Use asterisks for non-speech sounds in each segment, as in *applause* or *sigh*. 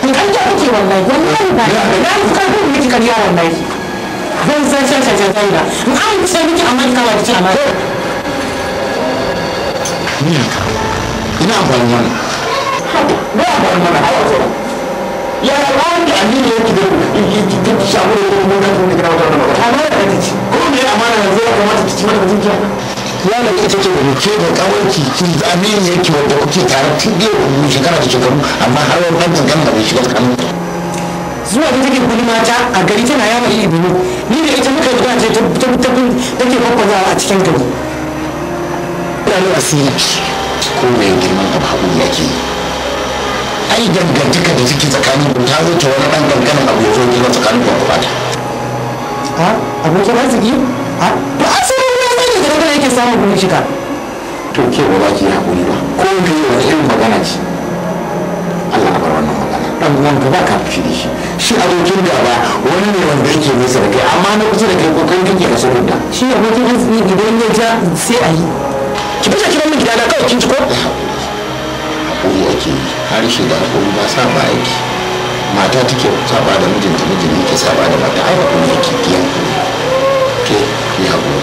Kanta kuke wallahi, wallahi ba ya na fi karfin miki Ya ba Ko yana ita ce da ke da kawanci ki amini yake wanda kuke tare tun biyu mu shekara da shekaru amma har wani ɗan tsangan da bai shiga tsakanin zuwa da take kuli mata a gari tana yawo yi biyu ni da ita muka yi ta tabbin take kwakwazawa a cikin gari. ina Ƙwalo asiri ko mai girman abu hagu yake ai dangantaka da take tsakanin ku ta zo ta wani ɗan ganganin abu ya zo gina tsakanin ku ba ta. Ha? Abokin arziki? Ha? Ba asiri! kake samun kuma shiga to ke ba za ki hakuri ba ko me wani irin magana ce Allah bar wannan magana dan uwan ka ba ka fushi da shi shi abokin da ba wani ne wanda yake nesa da kai amma na kusa da kai ko kake ka sanar da shi abokin arziki idan ya ja sai a yi ki fita ki bar min gidana kawai kin ci ko haƙuri ake yi shi da hakuri ba sa ba aiki mata take saba da mijinta mijin yake saba da mata ai hakuri kuma yake biyan kuɗi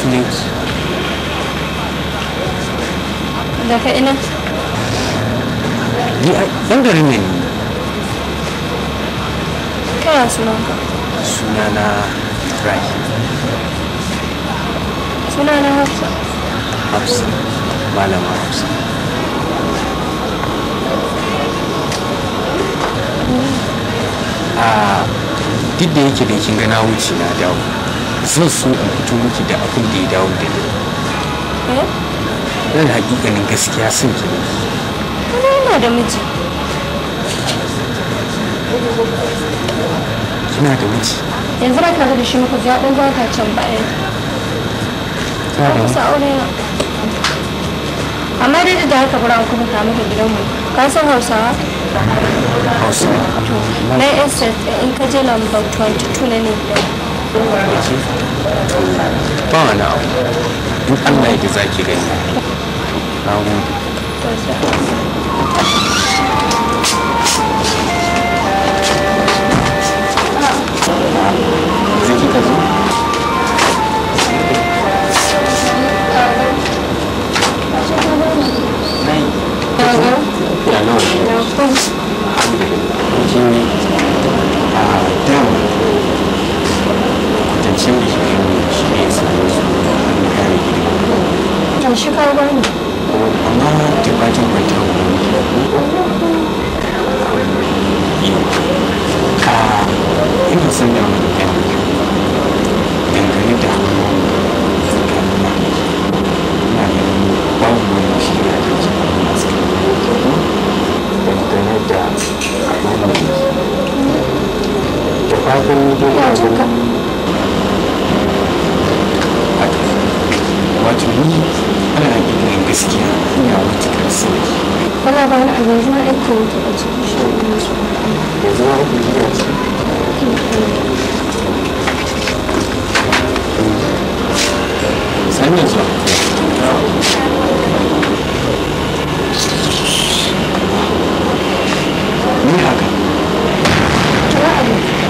Estados Unidos. Daga ina? Ah, Yan garin ne. Kana sunanka? Sunana Ibrahim. Sunana ah, Hafsa. Hafsa. Malama ah, Hafsa. A duk da yake da kin gana wuce na dawo. zan so in fito miki da abin da ya dawo da ni eh? nan hakikanin gaskiya sun ki kuma yana da miji kina da miji yanzu ba tare da shi muku ya ɗan gwata can baya ta da kusa aure na amma dai da haka bura an kuma kamu da gidanmu ka san hausawa hausawa na SS in ka je lambar 22 na ne ba não, abu in allah ya za ki gani na gode zai kika zo Ya, no, no. Alhamdulillah. Não. Não. Não. Não. shan da shi shi ne su ta bajin kwanta wani ka ina son da wani kan dangane da ganin shi wato ni ana irin gaskiya ina matukar sauki wala ba na abin zuwa aiki wata a cikin shi da zuwa aiki da su sannan zuwa ni haka kira abin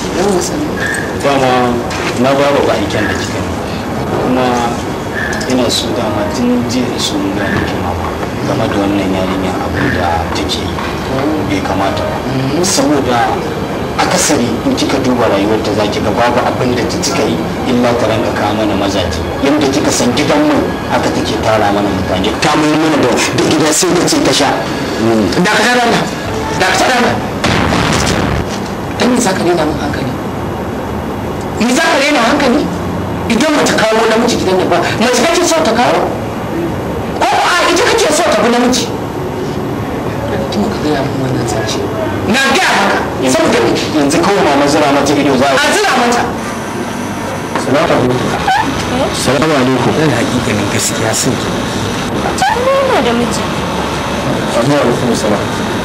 dama na ba ba aiken da kika kuma ina so dama tun jiya da su ga nake mama game da wannan yarinya abin da take yi bai kamata ba saboda akasari in kika duba rayuwar ta zaki ga babu abin da ta cika yi illa ta ranka kawo mana mazaje yadda kika san gidan mu haka take tara mana mutane ta mai mana da gida sai da ce ta sha da ka da ka ta za ka rena min hankali me za ka rena hankali idan mace kawo namiji gidan da ba mace kake so ta kawo ko a ita kake so ta bi namiji tun ka gaya min wannan zance na gaya maka saboda me yanzu kawai mama zira mata ido za a zira mata salamu alaikum salamu alaikum dan hakikanin gaskiya sun nuna da miji Assalamu alaikum salam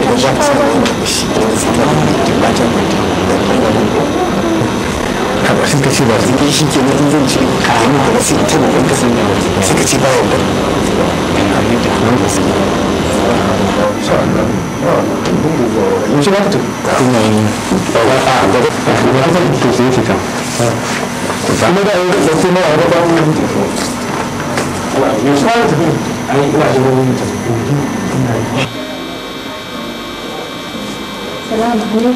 idan za ka ke shi a da yau da kuma a gaba. Assalamu alaikum.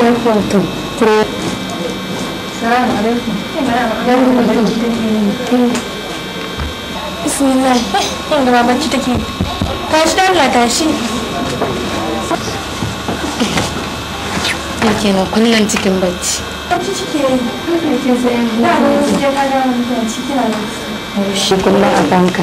Yan kwanto. Assalamu alaikum. Yan kwanto. Bismillah. Yan da babanci take. Tashi da Allah tashi. Yake nan kullum cikin bacci. Bacci cike yi. Kullum cikin sayan. Na ga cikin kada cikin a banka.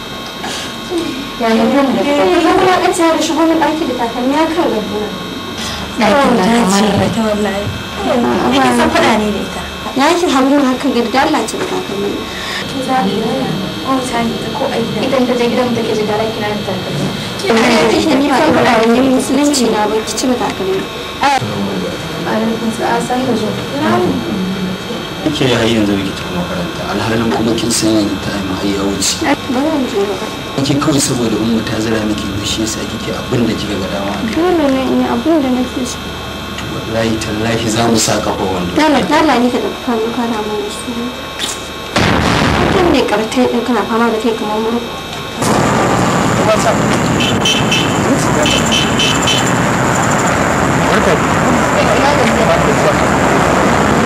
Yaya gani da fito. Yanzu kuma da shigo ɗaki da ya kan rabu. Ɗakin da kamar da ta wallahi. Ina san faɗa ne da ita. Na yake haurin hakan ga da Allah ce da takalmi. Ki za ki mutane ta ko aida. Idan ta je gidan ta ke shiga ɗaki na da takalmi. Ina da kishin ni ba ta faɗa wa musulunci na ba ki ci da Alaikum salam kike har yanzu ki tafi makaranta alhalin kuma kin san yanzu ta yi ai ya wuce eh, kike kawai saboda umma ta zira miki yanzu shi yasa kike abin da kika ga dama dole ne in yi abin da nake so wallahi tallahi za mu sa kafa wanda dala dala ne ka tafi kan kana mun su kin ne karatai din kana fama da kai kamar muru. kuma eh, Ina da ba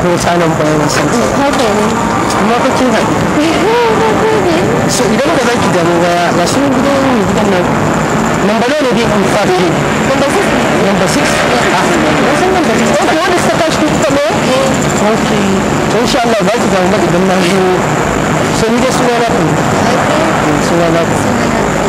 akwai wasu anan bayan wasan ko kin haɗu *laughs* so idan ba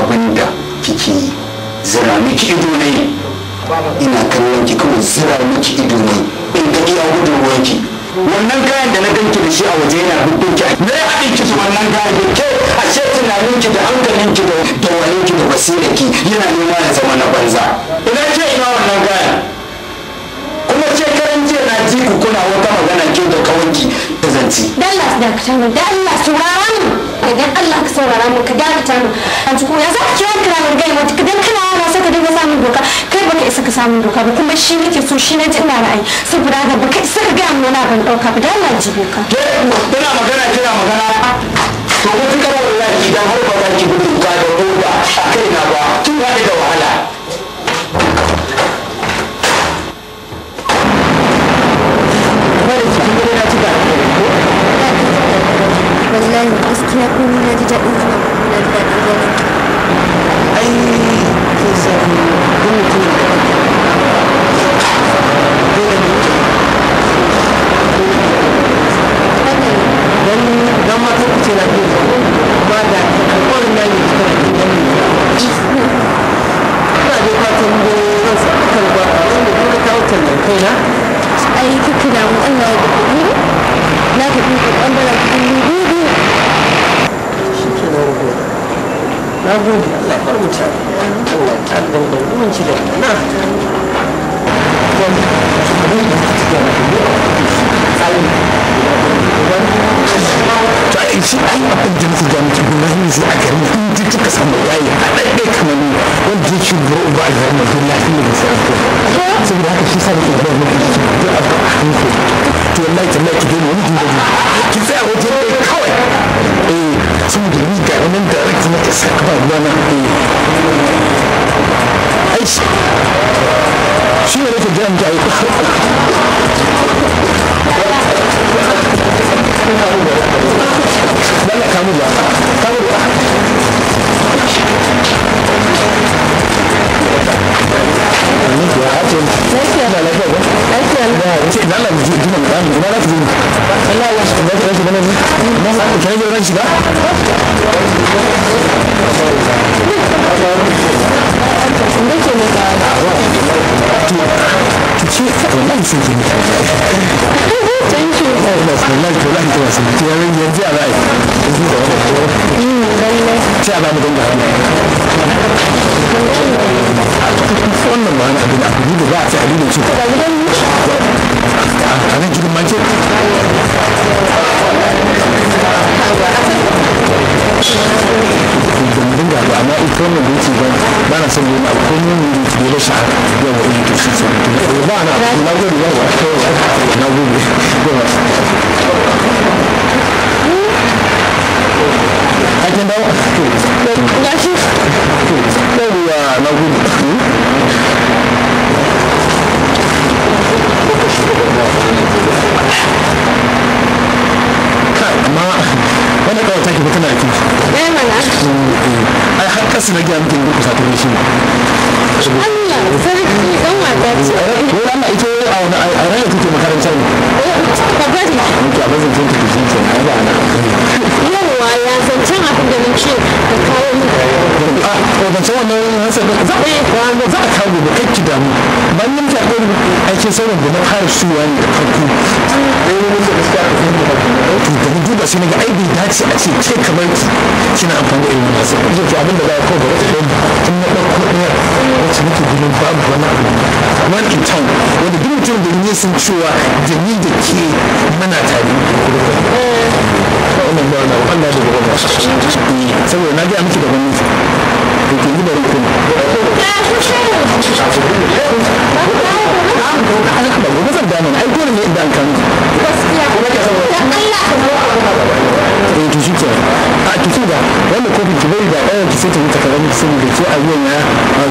abin da kike zira miki ido ne ina kallon ki kuma zira miki ido ne in ga iya gudun ruwanki wannan kayan da na ganki da shi a waje yana hudun ki Me ya haɗin ki wannan kayan da ke a ce tunanin ki da hankalin ki da dawalin ki da basira ki yana nema ya zama na banza ina ce ina wannan kayan kuma ce karan jiya na ji ku kuna wani miki da zance dalla su dakata da dalla saurara mu idan Allah ka saurara mu ka dakata mu an ci ya za ka kira kira mu ga mu kadan kana yara sai ka dinga samun doka kai baka isa ka samun doka ba kuma shi nake so shi na ina ra'ayi saboda haka baka isa ka ga mu na ban dauka ba dalla ji doka kina magana kina magana to ko kika da wallahi idan har ba za ki bi doka da doka yawa ya zancen abin da na ce da kayan a wancan wannan hasar da za a yi za a kawo da kakki damu ba ni mutu a ɗaya sauran da na fara suwa ne da farko to da mun duba sai na ga ai bai dace a ce ke kamar ki kina amfani da irin wannan sai ki ce abin da za a kawo da wata ɗaya in na ɗauko ɗaya wacce nake gudun babu wani abu man in town wanda duk mutum da ne sun cewa da ni da ke mana tare wannan ba na Allah da gaba saboda na ga miki da gwamnati da ke gidan mutum. Ba ka da ba. da ba. Ba ka eh to shi kenan a ki ce da wannan kofin ki bai da ɗayan ki sai ta wuce kaga miki saboda ke a yau ya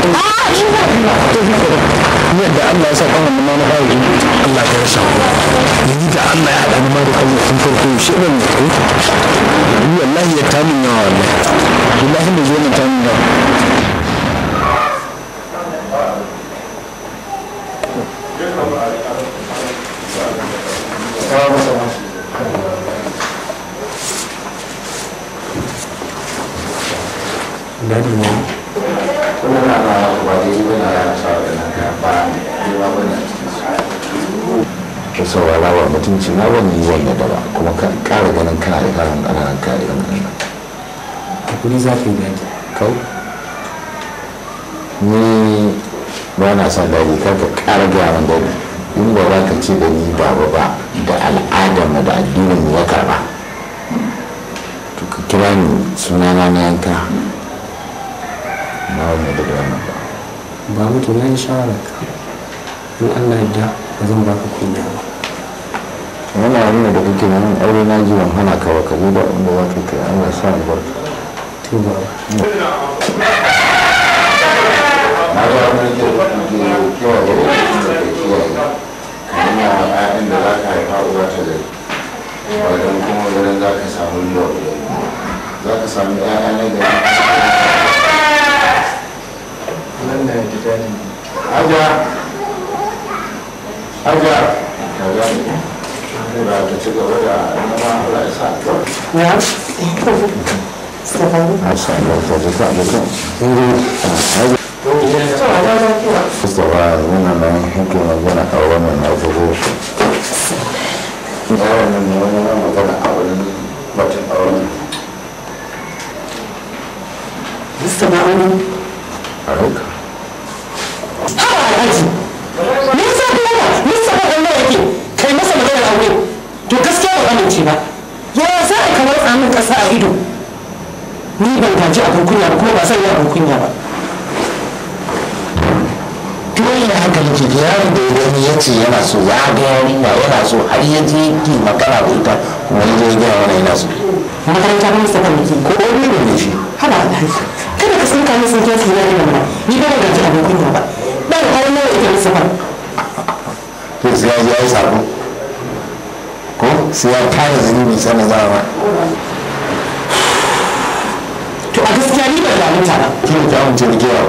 to shi kenan ni da Allah ya sa kan wannan ma na fara ji Allah ya rasa yanzu da Allah ya haɗa ni ma da kallon tun farko shi ne mu tsaye ni wallahi ya tamin yawa wallahi wallahi da zo mun tamin yawa Thank you. bayani ne na ba ba dai ba na ya sa da na ka ba ne ba ba na cikin su saurara wa mutunci na wani yi wannan da ba kuma ka ƙara ganin kana da karin ƙananan kayan ƙananan hakuri za ka yi gaji kau ni ba na son daji kar ka ƙara gyaran min in ba za ka ce da ni ba ba ba da al'adar mu da addinin mu ya karba to ka kira ni suna na yanka ba mu da wannan ba ba mutum na yi ka in Allah yadda ba zan baka kunya ba wannan abin da kake nan aure na ji ban hana ka ba ka da wanda za ka kai Allah sa albarka to ba ba kiwa ba ba kuma da za ka ba kuma garin za ka samu yau za ka samu ƴaƴa na gari wannan ya jidali aja aja ka gani ba ta ci gaba da nama Allah ya sa ya alhaji me yasa ka yana me yasa ka Allah yake kai masa maganar aure to gaskiya ba amince ba ya za a kamar tsamin kasa a ido ni ban gaji abin kunya ba kuma ba zan yi abin kunya ba dole haka nake da yaro da ya gani ya ce yana so ya ga yarinya yana so har ya je ki magana da ita kuma ya je ya gaya mana yana so makaranta ba masa kan miki ko ne ne shi haba alhaji kada ka san kayan sun kyasi na ne ni ba ban gaji abin kunya ba Ɗan aure nawa ita safar to sai ya yi sabo ko sai ya fara zunubi sana za ba to a gaskiya ni ban damu ta ba ki ta mun ce ke ba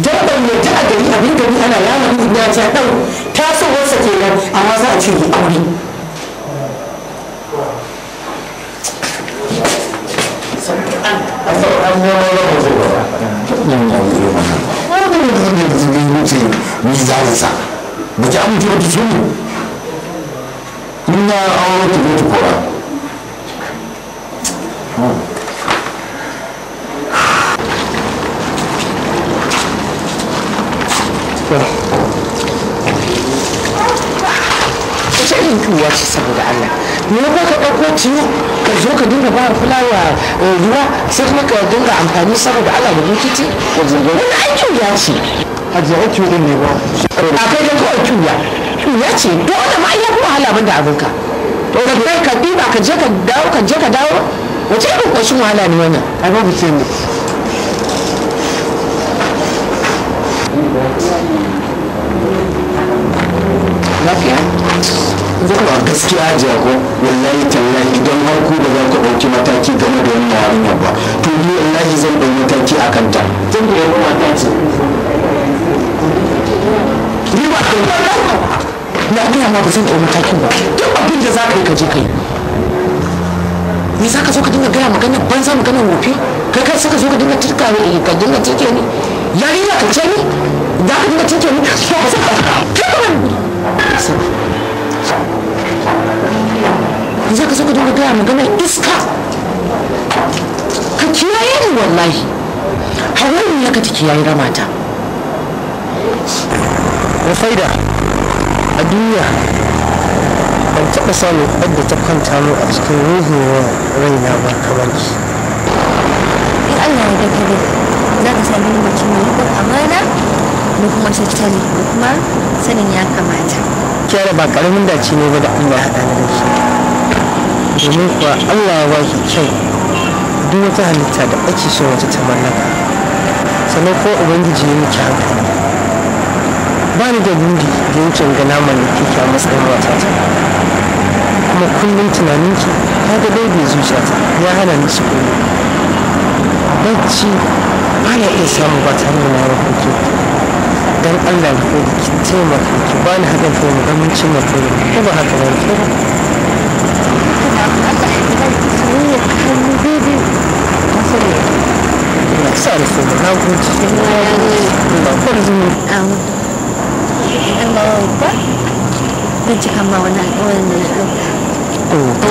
dabban ne ta gari abin gari ana yana mun ya ta dan tasowarsa kenan amma za a ce ya aure Thank you. da wannan da zai wuce mizaninsa ba ki amince ba ki ne in na aure ki zo ki kora Ita irin kuwa ce saboda Allah me ko ka ɗauko tiyo ka zo ka dinga ba fulawa eh, ruwa sai kuma ka dinga amfani saboda Allah da bukiti wani an ya ce a je a ɗin ne ba a kai da kawai cuya cuya ce dole ma iya kuma halabin da abinka kai ka diba ka je ka dawo ka je ka dawo wace irin kwashin wahala ne wannan a babu ce ne lafiya zama gaskiya jago wallahi tallahi idan har ku ba za ku dauki mataki game da wannan yarinyar ba to ni wallahi zan dauki mataki a kanta zan ɗauki mataki ni ba ta na gaya ma ba zan ɗauki matakin ba duk abin da za ka ka je ka yi za ka zo ka dinga gaya magana banza magana wofi kai kai sai ka zo ka dinga tirka ne ka dinga tirke ni yarinya ka ce ni za ka dinga tirke ni ba ka yanzu ka so ka gaya maganar iska ka kiyaye ni wallahi hawan ya ka ta kiyaye ramata na faida a duniya ban taɓa samun wadda ta kwanta mu a cikin ruhu raina ba kamar ki in allah ya daga za ka sami mutum mai rikon amana da kuma tattali da kuma sanin ya kamata kyara ba karamin dace ne ba da allah ya haɗa da shi domin kuwa allah ya baki kyau duk wata halitta da ake so wata ta mallaka sannan ko ubangiji ya miki hankali ba ni da buri da yake gana mallaki ki a matsayin ta kuma kullum tunaninki ya ga daidai zuciyata ya hana ni su bacci ba na iya samun ba tare da na hukunci don allah da ki taimaka ki ba ni haɗin kai mu gamin cin ko ba haka ba ba soyayya hannu daidai ta sani na sa da su da nagode ba kwarzo an ba ba don cika ma wani alƙawarin da na ɗauka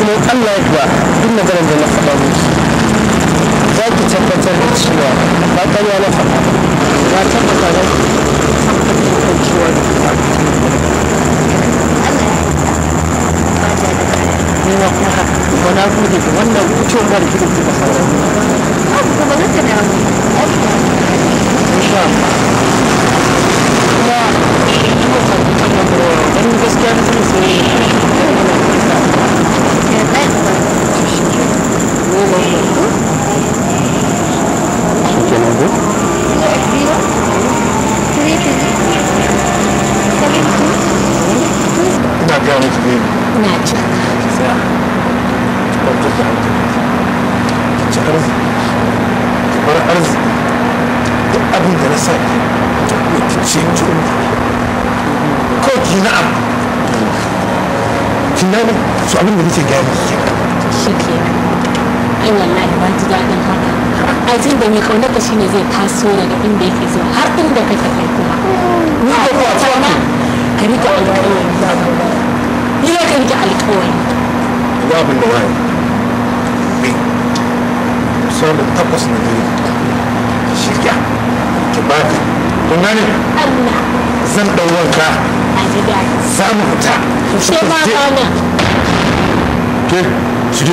kuma Allah ya kuwa duk maganar da na faɗa miki za ki tabbatar da cewa ba ƙarya na faɗa ba tabbata da tabbatar da cewa ba Allah ya ba da kuma na gode da wannan wucin da kike kika fara abu kuma na tana insha Allah kuma kuma san kan da dan gaskiya ne sai ne Thank you. da laifi ina gaya miki ne ina ji ki tsaya ki kwantar da hankali ki ci arziki ki abin da na sa ki ki kuma ki ce ki ki na'am kin gane su abin da nake gaya shi ke ai wallahi ba ji daɗin haka ai tun da mai kaunar ka shine zai taso daga inda yake zuwa har inda kai kuma ni da ka rike alƙawari ni ne ka rike alƙawari da wani takwas na shirya ki baka kun gane zan ɗau wanka za mu fita ka ke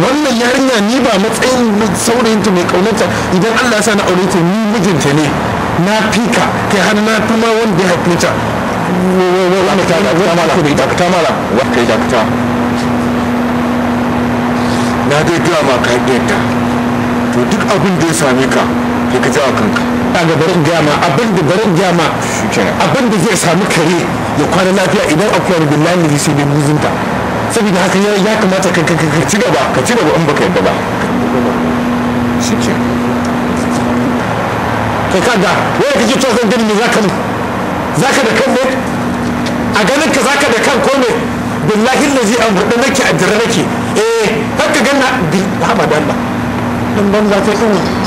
wannan yarinya ni ba matsayin ta mai kaunarta idan Allah sa na aure ta ni mijinta ne na fika kai har na tuma wanda ya haife ta wani na dai ma ka to duk abin da ya same ka ka a kanka barin abin da barin abin da zai sami kare ya kwana lafiya idan akwai rubillahi sai dai muzinta saboda haka ya kamata ka ci gaba ka ci gaba in baka yadda ba shike kai kaga wai kake to zan gani me zaka mu zaka da kan ne a ganin ka zaka da kan ko ne billahi allazi an hudu nake a jira nake eh haka ganna ba ba dan ba dan ban za ta yi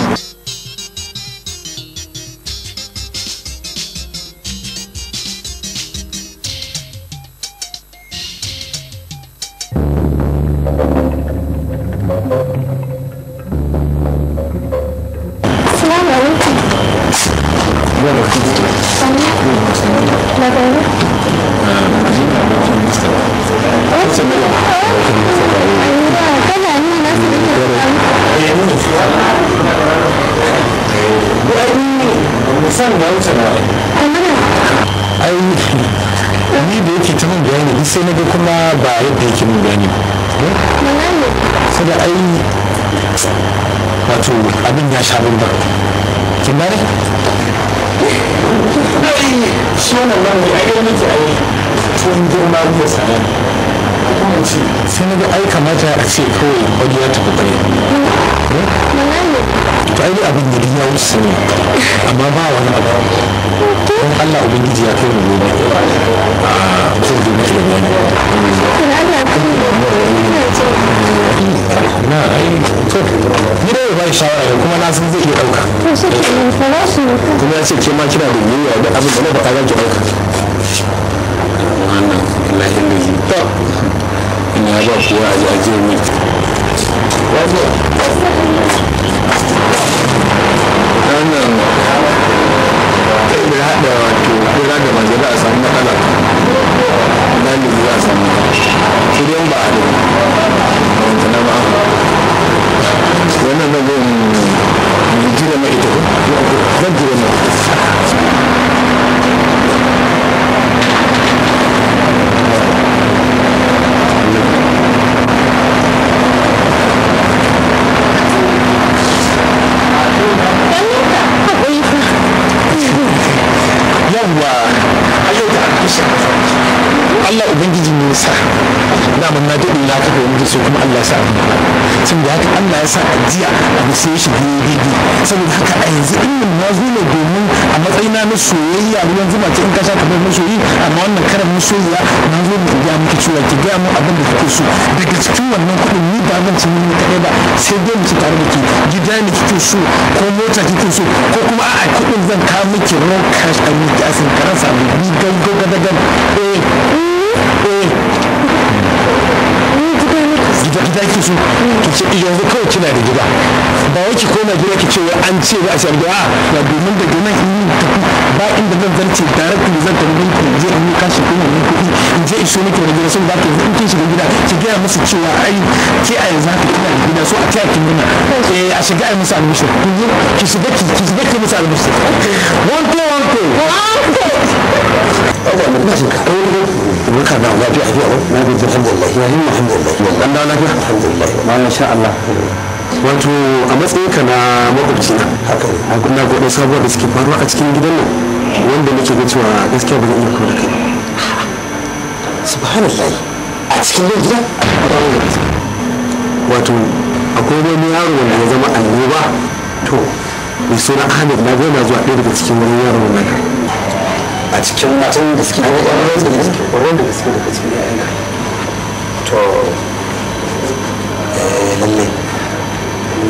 mu ka ba sai dai muke tare da ke gida ne kike so ko mota kike so ko kuma a'a kuɗin zan kawo miki ro cash a miki asin karan samu ni da gangan eh eh da gida ki so ki ce yanzu kawai kina da gida ba wai ki koma gida ki ce an ce ba a ce ba na domin daga nan in tafi ba inda zan zarce directly zan tafi don ki je in yi kashi ko in kuɗi in je in so miki wani gida sun ba ki in shiga gida ki gaya musu cewa ai ke a yanzu haka kina da gida so a taya ki murna eh a shiga a musu albishir ki shiga ki ki shiga ki musu albishir wanko wanko wanko abuwa na kashin ka kawai ne ka na lafiya a biya na bi yi alhamdulillah ma Allah wato a matsayinka na makwabci na haka ne a kuna gode sabuwar da suke faruwa a cikin gidan nan wanda nake ga cewa gaskiya ba zan iya kawo da kai subhanallah a cikin nan gida wato akwai wani yaro wanda ya zama annoba to mai suna ahmed na goma zuwa ɗaya daga cikin wani yaro wannan a cikin matan da suke da wani yaro da suke da wani da suke da cikin yayan to lalle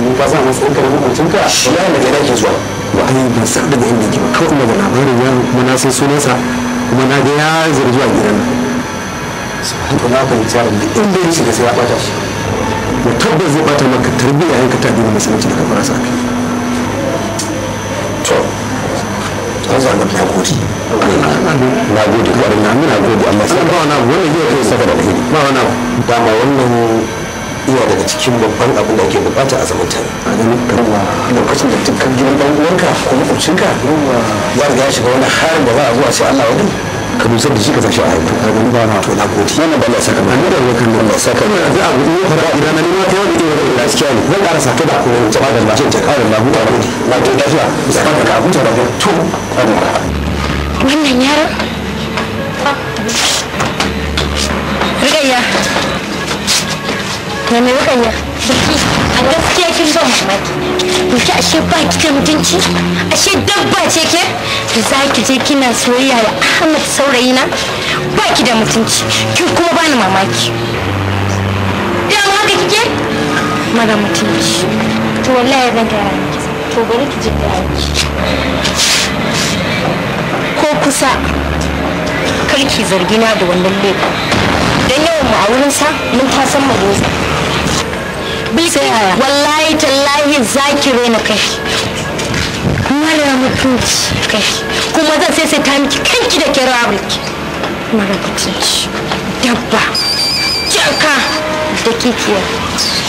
mun ka masu ɗanka da makwabcinka wallahi daga yana ke zuwa wa ai ban san daga inda yake ba kawai kuma da labarin yaron Mana na sunansa kuma na ga ya zargi a gidan nan to na fahimci yaron da inda ya shiga sai ya ɓata shi mu tabbas zai ɓata maka tarbiyya yanka ta dina musulunci daga farasa kai to an zaga na gode na gode kwarin na gode amma sai ba wani abu wannan zai kai saka da alheri ba wani abu dama wannan iya daga cikin babban abin da ake bukata a zaman tare a ganin kuma lokacin da dukkan gidan ɗan uwanka ko makwabcinka ya riga ya shiga wani harin da za a zo a ce Allah wani ka dusar da shi ka sashi a haifu a gani ba na to na gode yana ba Allah saka mai da wakil Allah saka mai da abu ne fara idan na nema kai wanda wani da gaskiya ne zan ƙara sake da ko jama'a da lafiya ta da lafiya ta wani. na to lafiya saka da ka abu huta da to wannan yaron Rikayya. na mai rukanya biki a gaskiya kin zo mamaki biki ashe ba ki da mutunci ashe dabba ce ke da za ki je kina soyayya da ahmad saurayi na ba ki da mutunci ki kuma bani mamaki da haka kike mara mutunci to wallahi zan gaya miki to bari ki ji da gaya ko kusa kar ki zargi na da wannan laifin don yawan mu a sa mun ta tasan mu wallahi tallahi zaki rena kai mara mutunci kai kuma zan sai sai ta miki kanki da ke rawa bulki mara mutunci dabba jaka da kikiya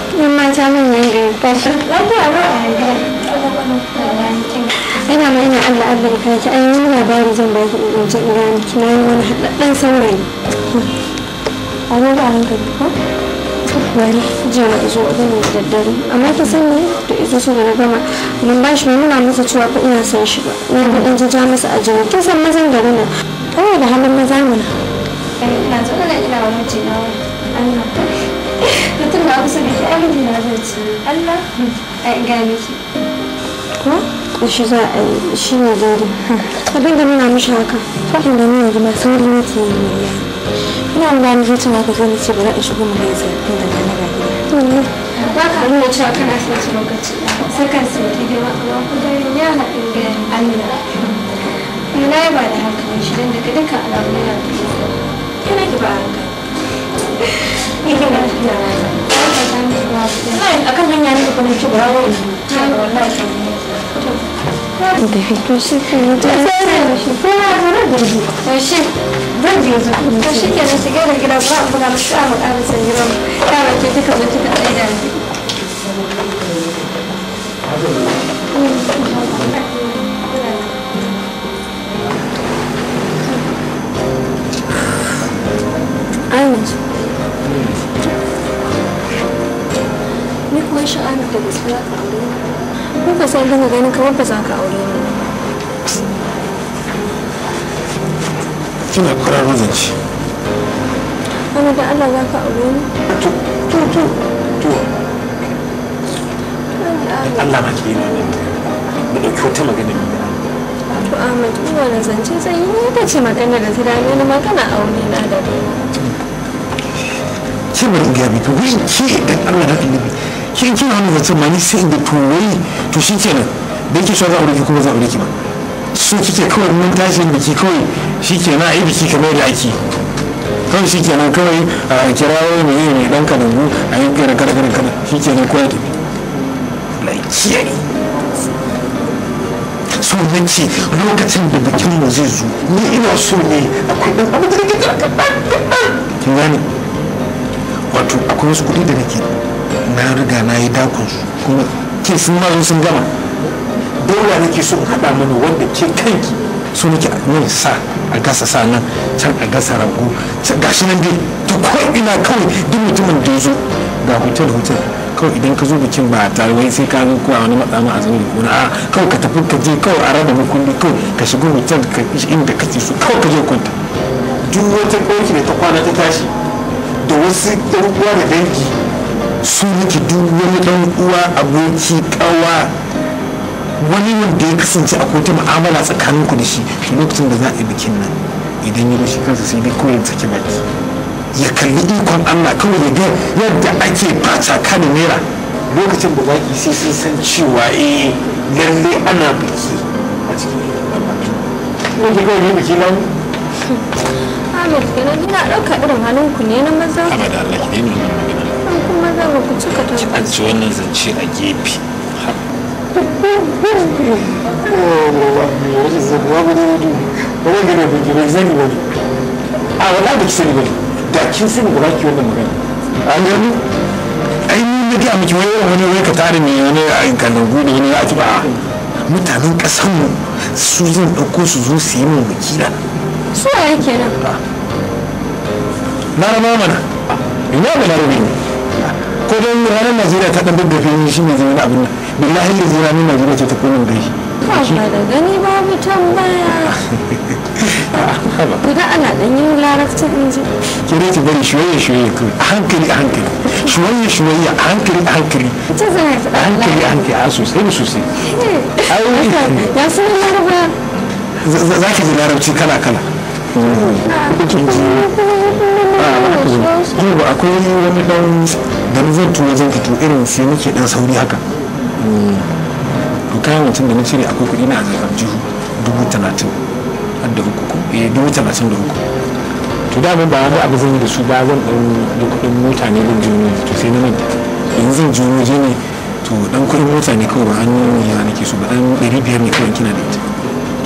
Ini mata ini, min yayi a tashi lafiya ina ma ina Allah Allah ka ki an yi labari zan baki in ji ina ki na yi wani haɗaɗɗen saurayi a ba ba hankali ko wani jiya na izo ɗin daddare amma kesannya sani da izo su da na gama ban ba shi nuna masa cewa ina son shi ja masa a jini kin san mazan gari na da halin maza mana ina nak ina wani ce na zauna kusa da ki ai na zai Allah ai in gane ki ko shi za a yi shi ne dare Abin da nuna mishi haka fahim da ni yanzu ma sauri nake yi ina da ni zai tuna ka zo ni ce bari in shigo mu gaisa tun da na ga gida ba ka nuna cewa kana son ci lokaci sai kan sai ki girma amma ku dare ya in gari. Allah na yi ba da hankali shi dan daga dukkan alamu yana da yana ki ba haka 你看看，哪来的？akan hanya da ci na zara da gida ba a buga musu ma sha'ana da gaske za ka aure ni ko ka san gina ganin kamar ba za ka aure ni kina kwararru zance ana da Allah za ka aure ni to to to Allah na ke yi ne mu ɗauki wata magana mai to Ahmad ina da zance zan yi ne ta ce magana da ta dame ni magana aure na da ni ce bari ga mi to wurin ce dan Allah da annabi kina wani sai in to shi kenan ki kuma za a ki ba su kike kawai mun tashi biki kawai shi kenan a yi biki kamar da ake kawai shi kenan kawai a kira mai yi dan a yi shi kenan kawai da nan ce lokacin da bikin mu zai zo ni ina so ne akwai abu da nake kin gane wato akwai wasu kuɗi da nake na riga na yi dakon su kuma ke sun mazo sun gama dole nake so hada haɗa mana wanda ke kanki su nake yin sa a gasa sa nan can a gasa rago gashi nan dai to ko ina kawai duk mutumin da ya zo ga hotel hotel kawai idan ka zo bikin ba tare wai sai ka zo ko a wani matsama a zaune ko na kawai ka tafi ka je kawai a rada makundi kawai ka shigo hotel ka inda kake so kawai ka je kwanta duk wata ɗauki da ta kwana ta tashi da wasu ɗan uwa da dangi su rike duk wani ɗan uwa aboki ƙawa wani wanda ya kasance a kotu ma'amala tsakanin ku da shi lokacin da za a yi bikin nan idan ya bashi kansa sai dai kawai saki baki ya kalli ikon Allah kawai ga yadda ake fata kan naira lokacin da baki sai sun san cewa eh lalle ana biki a cikin Allah. Ko ga biki lamu? Ahmad kenan ina ɗauka irin hannunku ne na maza. Abada Allah kuma za mu ku cika a ci wannan zance a gefe ah, a da da kin ki wannan magana an gani ai ni na gaya miki wani ka tare ne wani a wani a mutanen ƙasar mu su zan ɗauko su zo su min wakila su na ah. rama mana ina na ko don ranar najeriya ta da daddafe shi ne zama abin nan billahi da zira ne najeriya ce ta kone da shi ba da gani babu tambaya guda ana ɗan yin larabci in ji ke da ta bari shoye shoye a hankali a hankali shoye shoye hankali a hankali ita zai a hankali a hankali a sosai da sosai eh, ya sun laraba za ki ji larabci kala kala duba akwai wani dan da na zartu wajen fito irin sai nake dan sauri haka mm. kayan mutum da na cire akwai na jihu dubu talatin da uku eh dubu talatin da uku to da ba wani abu zan yi da su ba zan dan da kuɗin mota ne da to sai na nan yanzu zan ne to dan mota ne kawai ba an yi ya nake ba dan ɗari biyar ne kawai kina da ita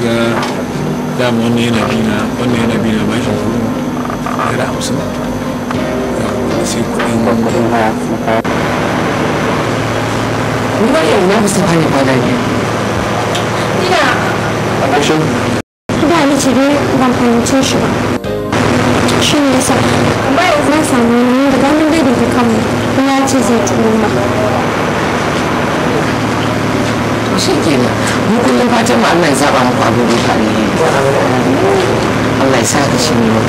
ga dama wannan yana bina wannan yana bina ba shi kudin naira hamsin ga wani sai kudin wani ba yau na bisa bani kwana biyu ina a ƙarshen da ni ce dai ban fahimce shi ba shi ne yasa ba yanzu na samu wani da ganin daidaita kanmu kuma ya ce zai turo ma shi kenan mu kullum fatan mu Allah ya zaba muku abin da fare Allah ya sa ka shi ne mafi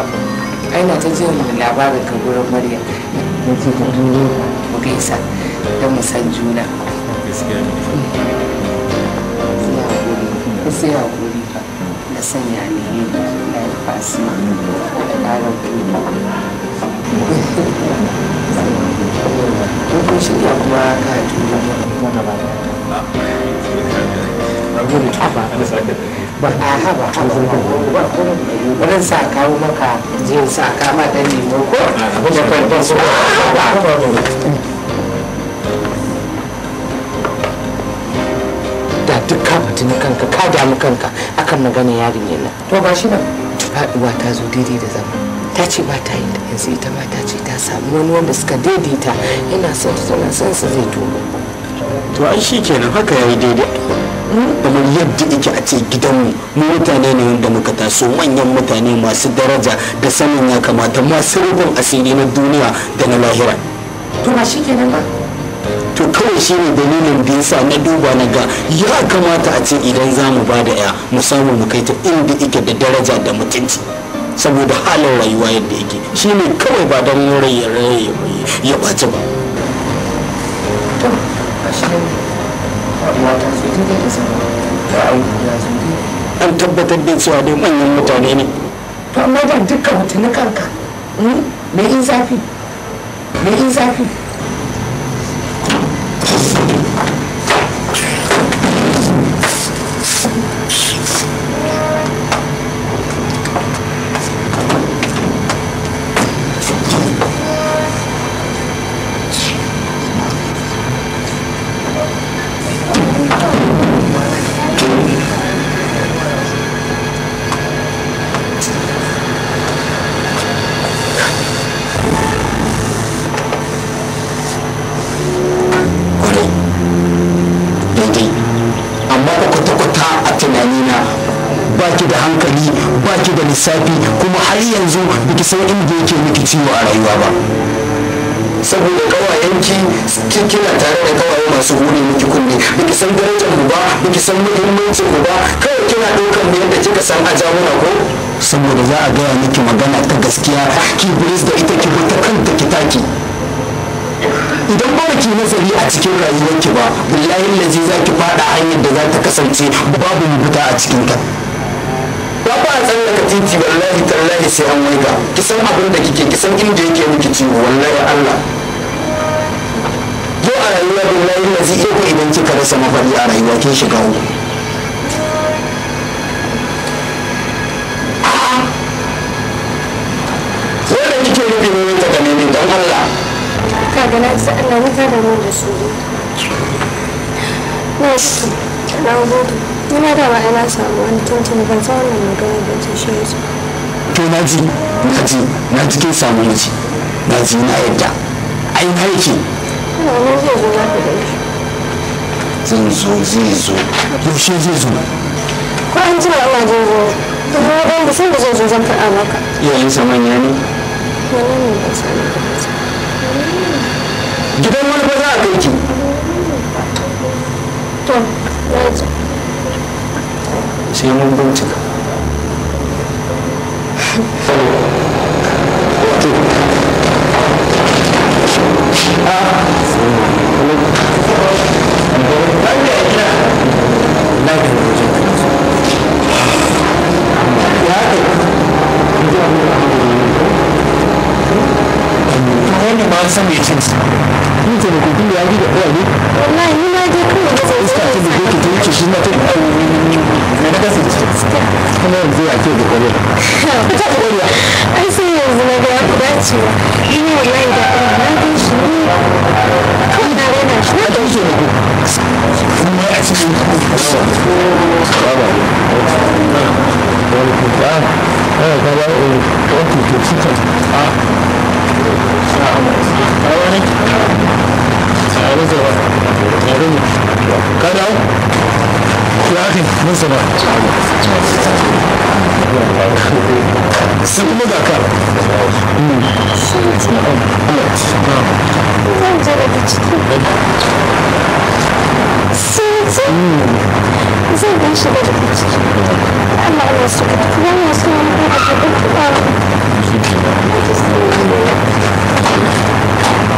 ba aina ta labarin ka gurin maryam na ce ta dole mu gaisa don mu san juna sai hakuri ba da sanya na yi da ƙarar kun shirya kuma ka turo mana ba ba. ba a haba wurin sa kawo maka jin sa kama dan nemo ko abin da kwanta su da duk ka fitini kanka ka damu kanka akan magana yarinya na. to ba shi nan faduwa ta zo daidai da zama ta ce ba ta yi da yanzu ita ma ta ce ta samu wani wanda suka daidaita yana son su zai tuba to ai shi kenan haka yayi daidai kamar yadda ike a ce gidanmu mu mutane ne wanda muka taso manyan mutane masu daraja da sanin ya kamata masu rubin asiri na duniya da na lahira to ba shikenan ba to kawai shi ne dalilin da yasa na duba na ga ya kamata a ce idan za mu ba da ya mu samu mu kai ta inda ike da daraja da mutunci saboda halin rayuwa yadda yake shi ne kawai ba don rayuwa ya ɓace ba an tabbatar da cewa dai manyan mutane ne to amma ban dukkan mutane na kanka hmm? me in zafi mai in zafi safi kuma har yanzu biki san inda yake miki ciwo a rayuwa ba saboda kawayenki kina tare da kawaye masu hure miki kunne biki san darajar ku ba biki san muhimmancin ku ba kawai kina ɗaukar ne yadda kika san a jamuna ko saboda za a gaya miki magana ta gaskiya ki bilis da ita ki bi ta kanta ki taki idan ba ki nazari a cikin rayuwarki ba billahi lazi za ki fada hanyar da za ta kasance babu mubuta a cikinta. ta ba ba a tsallaka titi wallahi tallahi sai an waiga san abin da kike kisan inda yake miki ciwo wallahi Allah yau a rayuwa billahi lazi iya ku idan kika rasa mafari a rayuwa kin shiga uku wanda kike nufin ne ta game ne dan Allah ka ga na isa Allah wata da mu da su ne shi na gudu Nima da ba'a na samu wani tuntuni ban san wannan magana ba ta shi yanzu. To na ji, na ji, na ji kin samu ji na ji na yadda. Ai na yake. Ina nan zai zo na da Zan zo zai zo. Yaushe zai zo? Ko an ji ba ina zai zo. Kuma ɗan da san da zai zo zan faɗa maka. Iyayensa manya ne? Wani ne ba sani ba. Gidan wani ba za a kai ki. 재밌는 동지가 Somebody attention. ni ce mai kokun da wallahi ni ma je kawai da zai iska ta da yake ta wuce shi na ta na na kasa ce kuma ai sai yanzu na ga ni wallahi da ɗaya na ga shi ne kawai na rena shi na ta wuce da ku kuma ya ci ne wani kuka a kawai ka ba Mustapha. Sai kuma ga ka. Zan je daga ciki. Sai zan gan shi daga ciki. Allah Allah da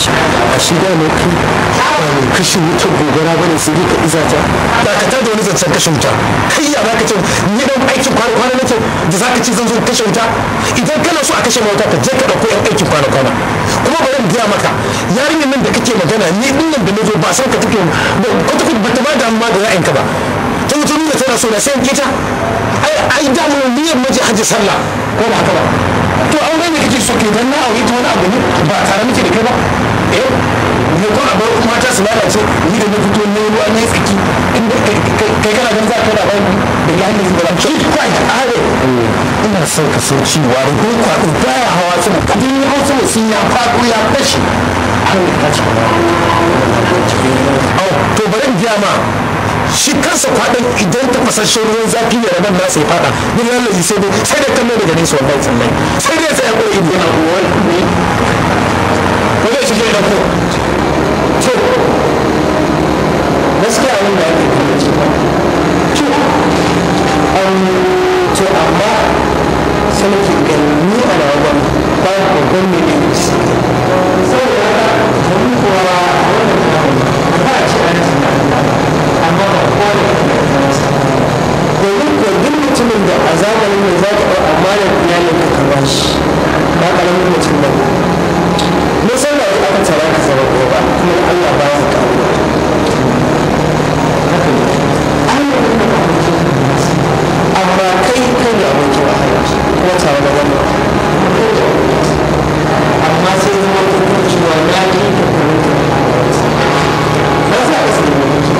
shi ba shi da ne kai ba ne kashin wuta gobara bane sai dai ka iza ta ba ka tada wani zancen kashin wuta kai ya ba ka ce ni dan aikin kwana kwana nake da za ka ci zan zo kashe wuta idan kana so a kashe wuta ka je ka dauko yan aikin kwana kwana kuma bari in gaya maka yarinyar nan da kake magana ni din nan da nazo ba san ka take ba kwata kwata bata ba da amma da ra'ayin ka ba ta wuce nuna tana so na sai in kita ai ai da mu niyyar maji hajji sallah ko ba haka ba to an ne kake so ke dan na aure ta wani abu ne ba tare muke da kai ba e ne a bar mata su lalace ni da na fito ne ruwa ne tsaki inda kai kana ganin za ka da bai da ga hannun da shi kwai are ina son ka san cewa ko kwado baya hawa sama kudin ya hawa sama sun ya fado ya fashe har da ta ci to bari in ma shi kansa kwaɗin idan ta fasashen ruwan zafi ya rabar na sai fada bin lalazi sai dai sai dai kamar daga nesa wallahi sallai sai dai sai ko koyi ido na kowar ne wajen shi zai ko to gaskiya abin da ake kuma ce to to amma sai nake ganin ni a na wajen ba babban ne ne saboda haka kuwa wannan ba a ce ana amma ba kowane domin ko duk mutumin da a zamanin ne za ka ɗau amanar iyalin ka ka shi. ba ƙaramin mutum ba mun san ba aka tara ka zama ko ba kuma Allah ba ya kawo amma kai kan ya abokin wahala kuma tare da wannan amma sai zama kuma cewa na yi da kuma ba za a isa da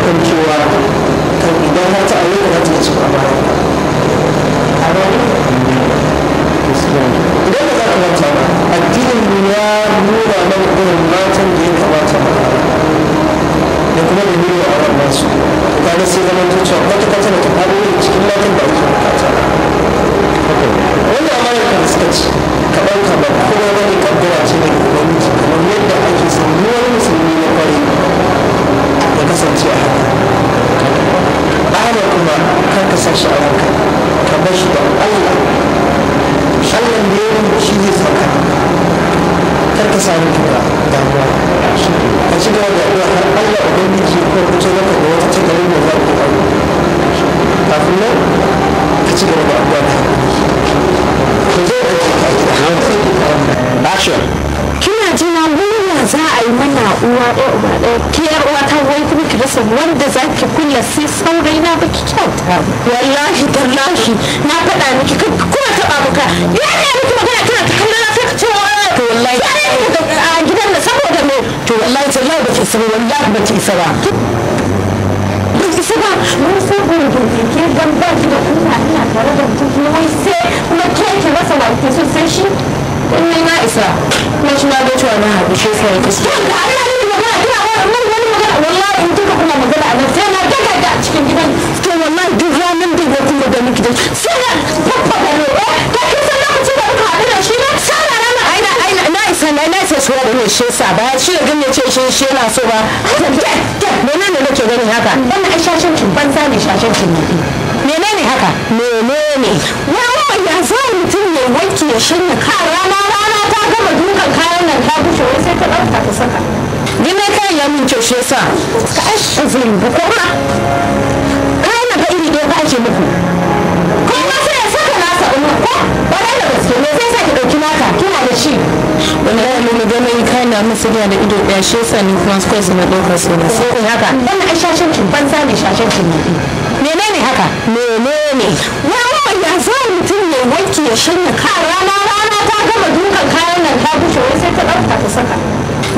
kan cewa kan idan har ta ayyuka za ta ci amma amma idan ka za ka manta ba addinin mu ya nuna mana irin matan da ya kamata da kuma da nuna a kan su ga na sai zaman zuciya wata kata da ta faru da cikin matan da ake bukata wanda amana kan suka ci ka ɗauka ba kuma wani kaddara ce da ubangiji kamar yadda ake samuwar musulmi na kwari Ka kasance a haka ɗana kuma kan ka sa shi a ranka ka bar shi da allah allah da yawan shi zai saka kar ka sa ranka da damuwa ka ci gaba da addu'a har allah ubangiji ko fito maka da wata ci gaba da za ku ɗauka kafin nan ka ci gaba da addu'a da hakuri ka zo ka ci gaba da hakuri za a yi mana uwa ɗaya uba ɗaya ke yar uwa ta wai kuma ki rasa wanda za ki kulla sai saurayi na baki kyauta wallahi tallahi na faɗa miki kuma taɓa muka ya ne miki magana kina ta kallon sai ka ce to wallahi a gidan da saboda me to wallahi tallahi ba ki isa ba wallahi ba ki isa ba ba ki isa ba mun san gurin ke dan ba ki da kuma ina tare da mutum Wai sai kuma ke ki rasa wa ki so sai shi komai na isa kuma shi na ga cewa na haɗu shi sai ya fuska kina wannan wani a wallahi in kika kuma magana a nan sai na daga da cikin gidan to wallahi duk ranar da ya kuma da miki da sai na babba da ne eh ka kisa lokacin da muka haɗu da shi na sai na aina aina na isa na na isa shi da ne shi sa ba shi da gane ce shi shi yana so ba ne nake gani haka wannan ai shashin kin banza ne shashin kin ne menene haka menene ya shirya kan rana rana ta gama dukan kayan nan ta bushe wai sai ta ɗauka ta saka ni ne kayan ya min kyau shi yasa ka ashe zai bu ko ma kayan nan fa iri ɗaya ka ake muku ko ma sai ya saka nasa umma ko ba da gaske ne sai sa ki ɗauki naka kina da shi wallahi mun ga mai na musu da da ido ɗaya shi yasa ni kuma suka su na dauka su na sai in haka wannan ai shashin kin banza ne shashin kin ne menene haka menene ya wanki ya shirya ka rana rana ta gama dukan kayan nan ta bushe wai sai ta ɗauka ta saka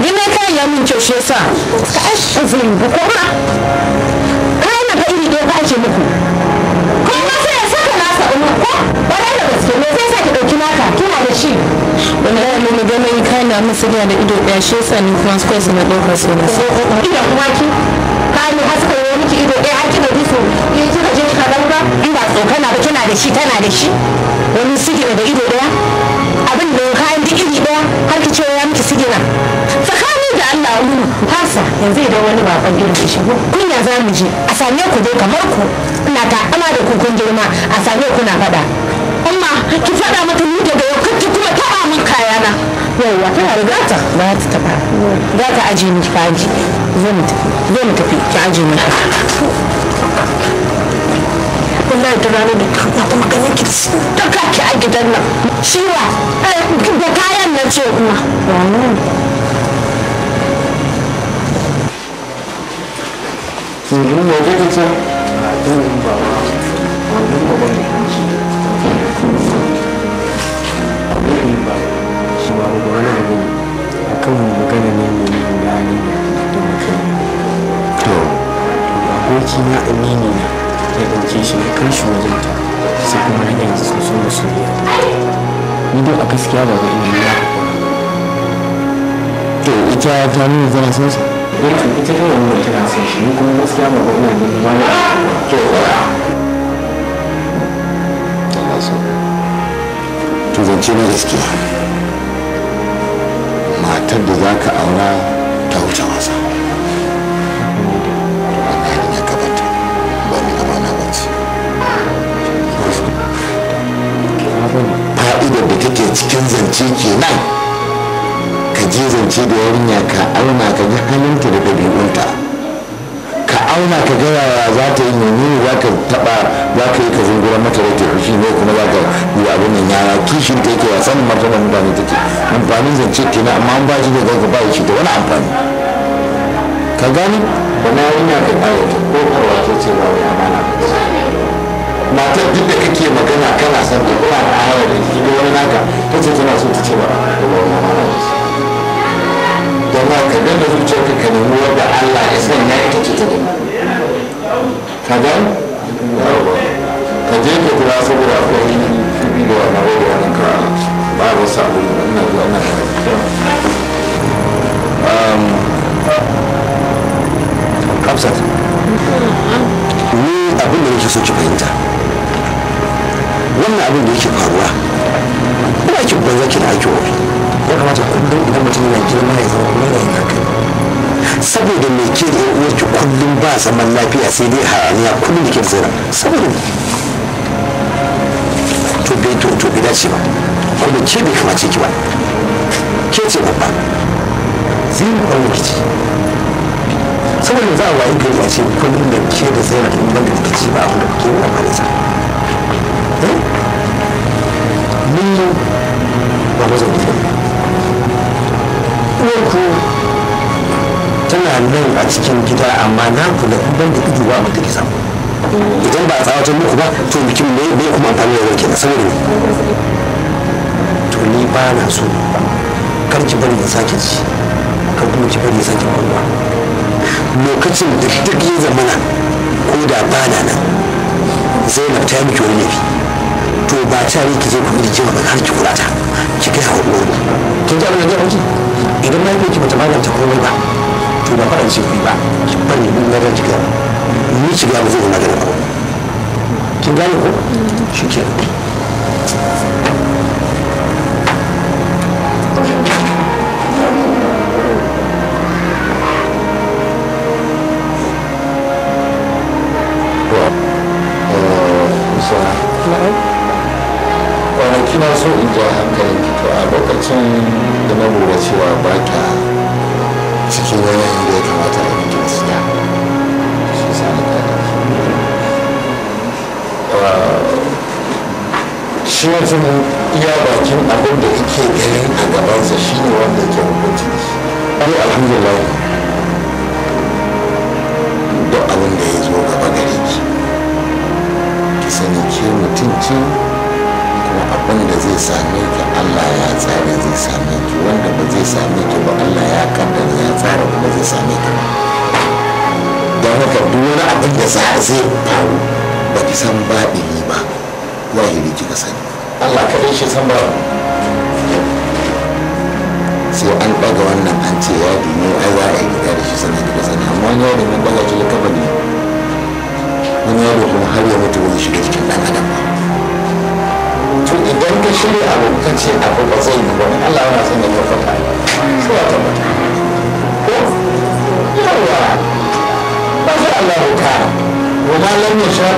ni ne kai ya mun ce shi yasa ka ashi zai bu ko ma kayan da iri ɗaya ba ake muku ko sai ya saka nasa ɗin ko ƙwarai da gaske me zai sa ki ɗauki naka kina da shi yi mu gani mai kana musu da ido ɗaya shi yasa ni kuma su zama ɗaukar su ne sai idan kuma ki da shi tana da shi wani sigina da ido daya abin da kayan duk iri daya har ki ce ya miki sigina tsakani da Allah wani hasa yanzu idan wani bakon irin ya shigo kunya za mu je a same ku dai kamar ku ina ta ana da ku girma a same ku na faɗa amma ki faɗa mata ni daga yau kar ki kuma taɓa min kayana yauwa tana da ta ba ta taɓa za ta zo mu tafi zo mu tafi ki wallahi ta ranar da ta kuma ganin ki ta kaki a gidan nan shiwa eh, da kayan na ce kuma Tsirin waje ta ce? Tsirin ba ba. Wannan ba ba ne. Tsirin ba ba. Shi ba ba wani abu a kan magana ne mai yi da hali da mutum. To, abokina amini ne. ya ɗauke shi ya kai shi wajen ta sai kuma har yanzu sun so su ne ni dai a gaskiya ba ga ilimi ya kuma to ita ta nuna zana son sa eh to ita ta nuna tana son shi ni kuma gaskiya ba ga ne ba ne to Allah so to zance na gaskiya matar da za ka aura fa'idar da take cikin zance kenan ka je zance da yarinya ka auna ka ga halinta da ɗabi'unta ka auna ka ga yaya za ta yi ne za ka taɓa za ka yi ka zungura mata da ke rufi ne kuma za ka yi abin nan ya kishin ta yake wasan martaba mutane take amfanin zance kenan amma an ba shi da zaka ba shi da wani amfani ka gani ba na yana da ƙayata ko karwato ce ba wai amana ba matar duk da kake magana kana san da kuma da ayar da ke wani naka ta ce tana so ta ce ba da ba wani mana da ma ka ganda zuciyar ka nemi wadda Allah ya san sanya ita ce ta nemi ka ga ka je ka kira saboda akwai fibi da wani wannan da wani ka ba a wasu abu da wannan zuwa nan Hafsat, ni abin da nake so ki fahimta. wannan abin da yake faruwa ina ki banza zaki da ake wani ya kamata kullum idan mutum yana girma mai zama kuma yana hankali saboda mai ke da yan ki kullum ba zaman lafiya sai dai hayaniya kullum da ke zira saboda to bai to to bai ce ba kuma ke bai kamace ki ba ke ce babba zai mu ɗan rikici saboda za a wayi gari a ce kullum da ke da zai na ɗan rikici ba a wani ke wani lullu ba mazauni tana nan a cikin gida amma na kula ban da ido ba mutu kisa idan ba a ta muku ba to bikin ne ne kuma ta da wanke saboda ne to ni ba na so kar ki bari da sake ci kan kuma ki bari da sake kwalwa lokacin da duk ya zamana ko da ba na nan zainab ta yi miki wani laifi 그 마찰이 기재품이 지금은 하루 죽고 나자 지켜서 오고 진짜로 얘지 이런 말 듣지 못해 말이야 저거 뭐야 누가 빨리 지금 이봐 빨리 내가 지금 우리 집에 아무도 못 나게 되고 진짜로 쉽지 Hello. kina so in ja hankali to a lokacin da na lura cewa ba ta cikin wani da ya kamata a yi gaskiya shi sa na kada shi mutum iya bakin abin da kake ganin a gabansa shi ne wanda ke hukunci ai alhamdulillah duk abin da ya zo gaba gare ki ki sani ke mutum ce abin da zai same ki allah ya tsara zai same ki wanda ba zai same ki ba allah ya kaddara ya tsara kuma zai same ki ba don haka duk wani abin da za a zai faru ba ki san baɗini ba wahiri ka sani allah kaɗai shi san ba sai an ɗaga wannan an ce ya dini ai za a yi gida da shi ki ka sani amma wani yadda mun ɗaga shi Mun wani yadda kuma har ya mutu wani shiga cikin ɗan adam ba to idan ka shirya abu ka ce abu ba zai yi ba Allah yana son ya tabbata sai ya tabbata ko yawa ba sai Allah ya kara wa ma lam yasha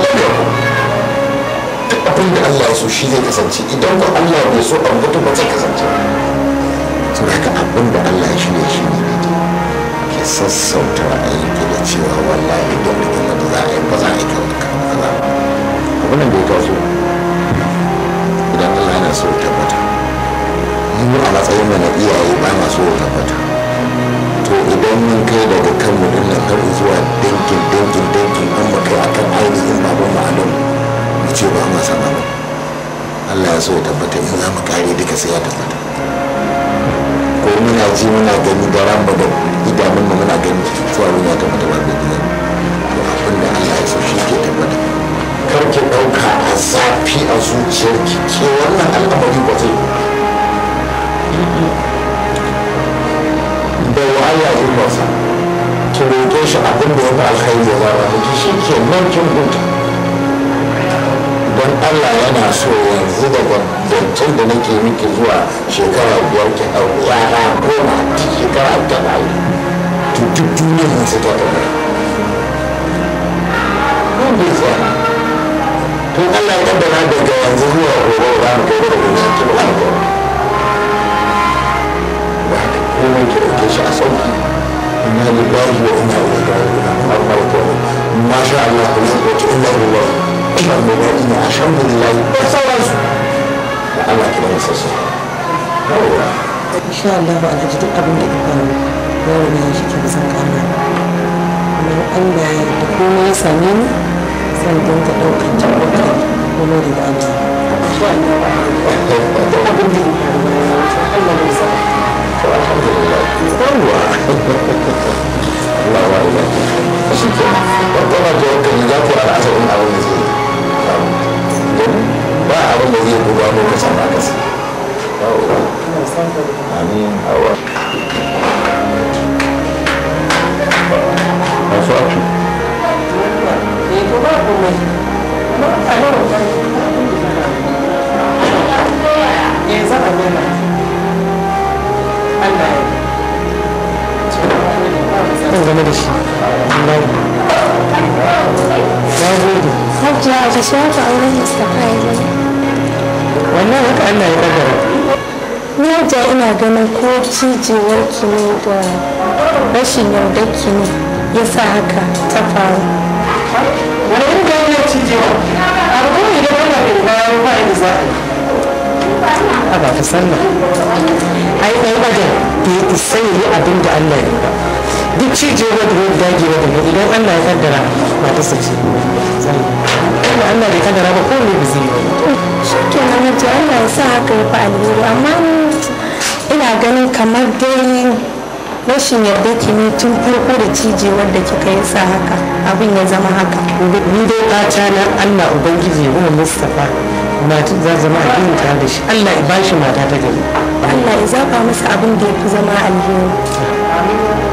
duk abin da Allah ya so shi zai kasance idan ko Allah bai so abu ba to ba zai kasance to haka abin da Allah ya shirya shi ne ke sassauta ra'ayinki da cewa wallahi duk da za a yi ba za a yi kaza kaza abin da ya taso so tabbata mu a matsayin mana iyaye ba ma so tabbata to idan mun kai daga kan mu nan har zuwa dangin dangin dangin an mu kai akan ainihin babu mu mu ce ba ma san abin Allah ya so tabbata in za mu kare duka sai ya tabbata ko muna ji muna gani da ramba da idanun mu muna gani cewa ya tabbata ba to abin da Allah ya so shi ke tabbata karki dauka a zafi a zuciyarki ke wannan al'amari ba zai da ya yi wasa ki roƙe shi abin da wani alkhairi ya zaba da shi ke nan kin huta don Allah yana so yanzu da gwamnatin da nake miki zuwa shekara biyar ki ɗau yara goma ta shekara ta bayi to duk masu ta tabbata. Wanda ya to Allah ya kaddara daga yanzu zuwa gobe za mu kai da binciken alƙawari da haka komai ɗauke shi a sauki inna lillahi wa inna ilaihi raji'un amma ko ma sha Allah ku yi wata inna lillahi a lillahi inna alhamdulillahi da sauransu da Allah ki da masarsa insha Allah ba alhaji duk abin da ka faru yau ne shi ke zan kama Allah ya da kuma ya same ni zan dinga ɗaukar jawabai kuma da daji. ba abin buga da wannan ina ganin ko cijewar ki da rashin yardar ki ne ya sa haka ta faru wani irin da ya ci jewa abu kuma idan wannan bai bayar ba inda za a ba ka sanna ai ɗan adam bai isa yi abin da Allah ya ba da wani da idan Allah ya kaddara ba ta sace wanda Allah bai kaddara ba ko ne bizi shi ke nan Allah ya sa haka ya fa alheri amma ina ganin kamar dai rashin yadda ki ne tun farko da cijewar da kika yi sa haka abin ya zama haka ni dai fata na Allah ubangiji ya ba mustapha mata za zama addini tare da shi Allah ya bashi mata ta gari Allah ya zaba masa abin da ya fi zama alheri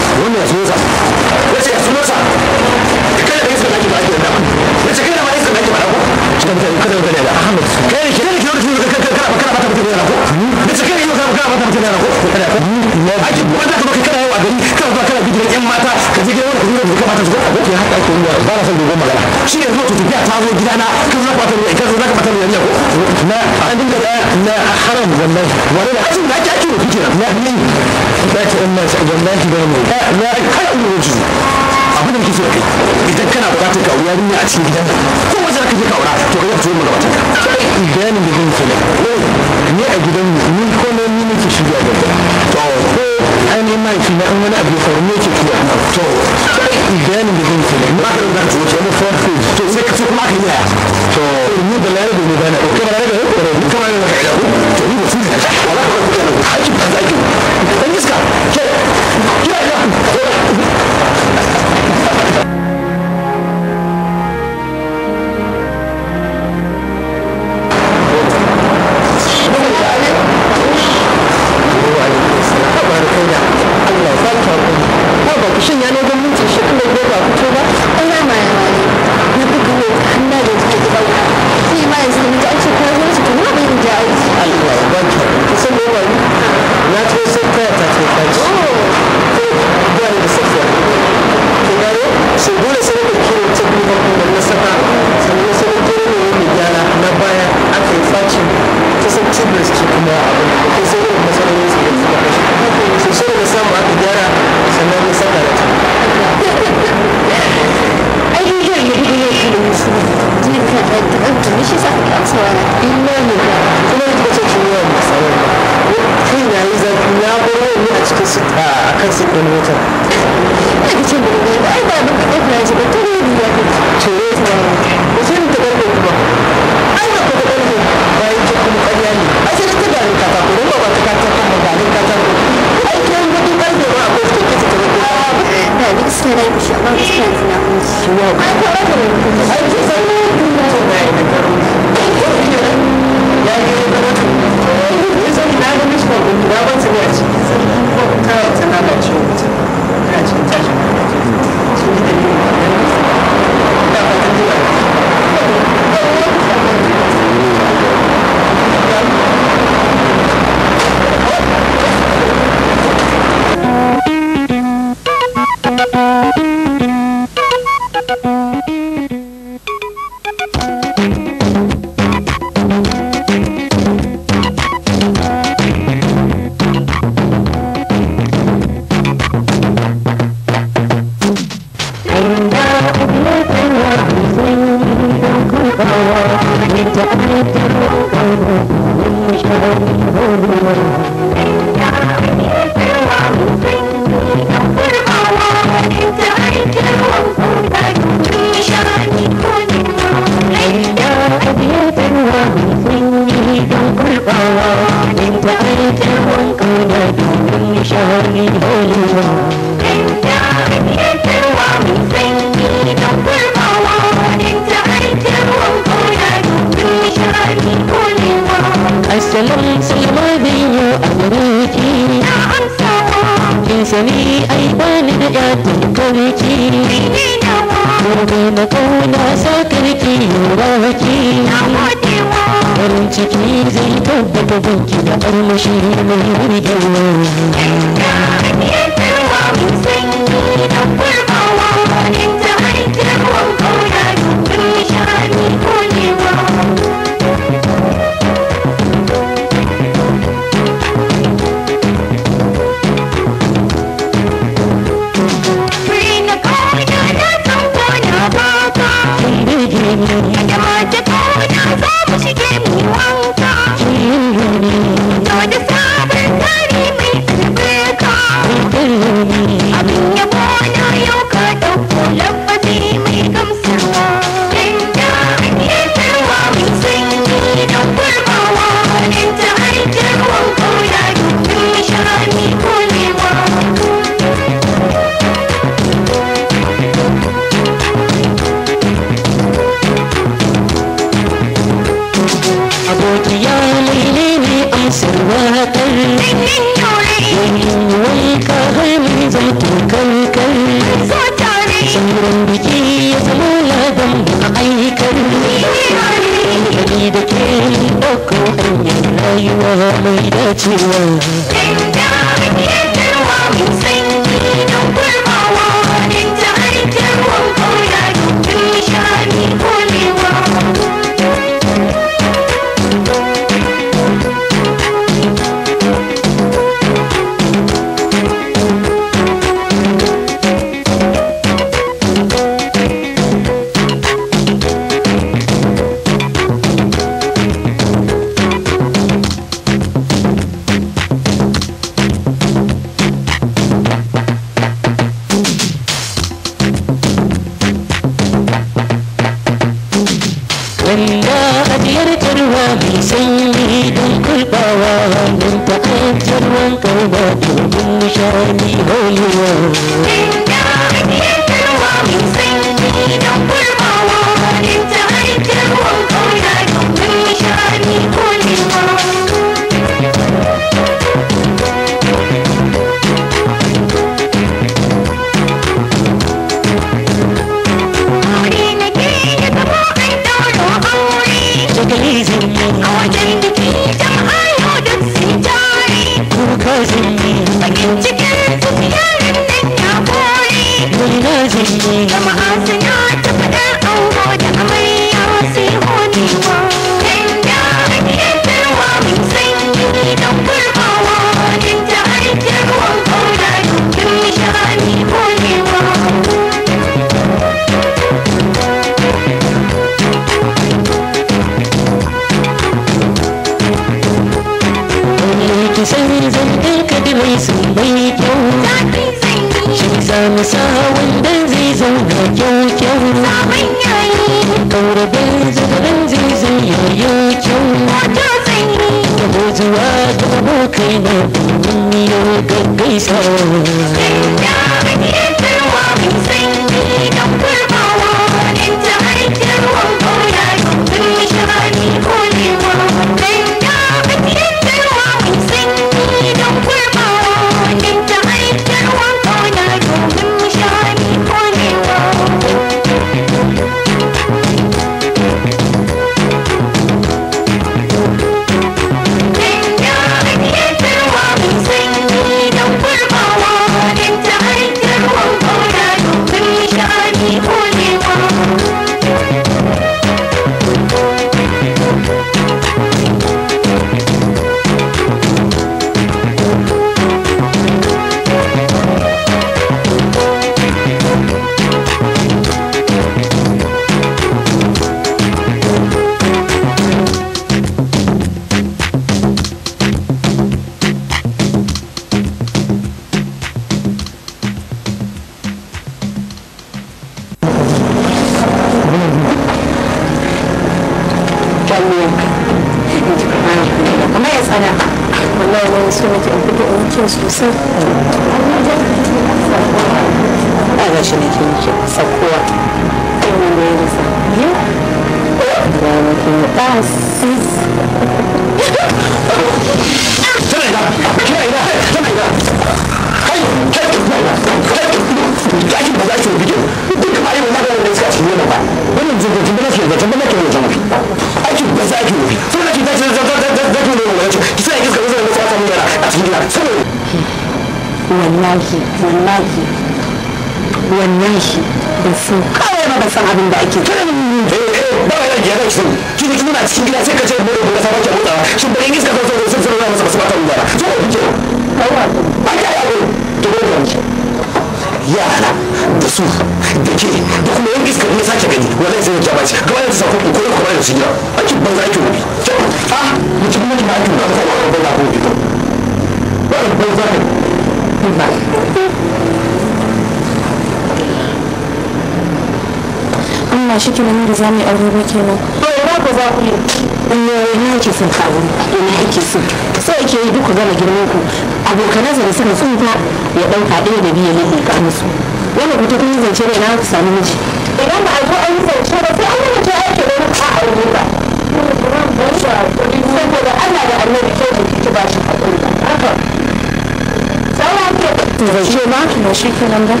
teşekkür ederim.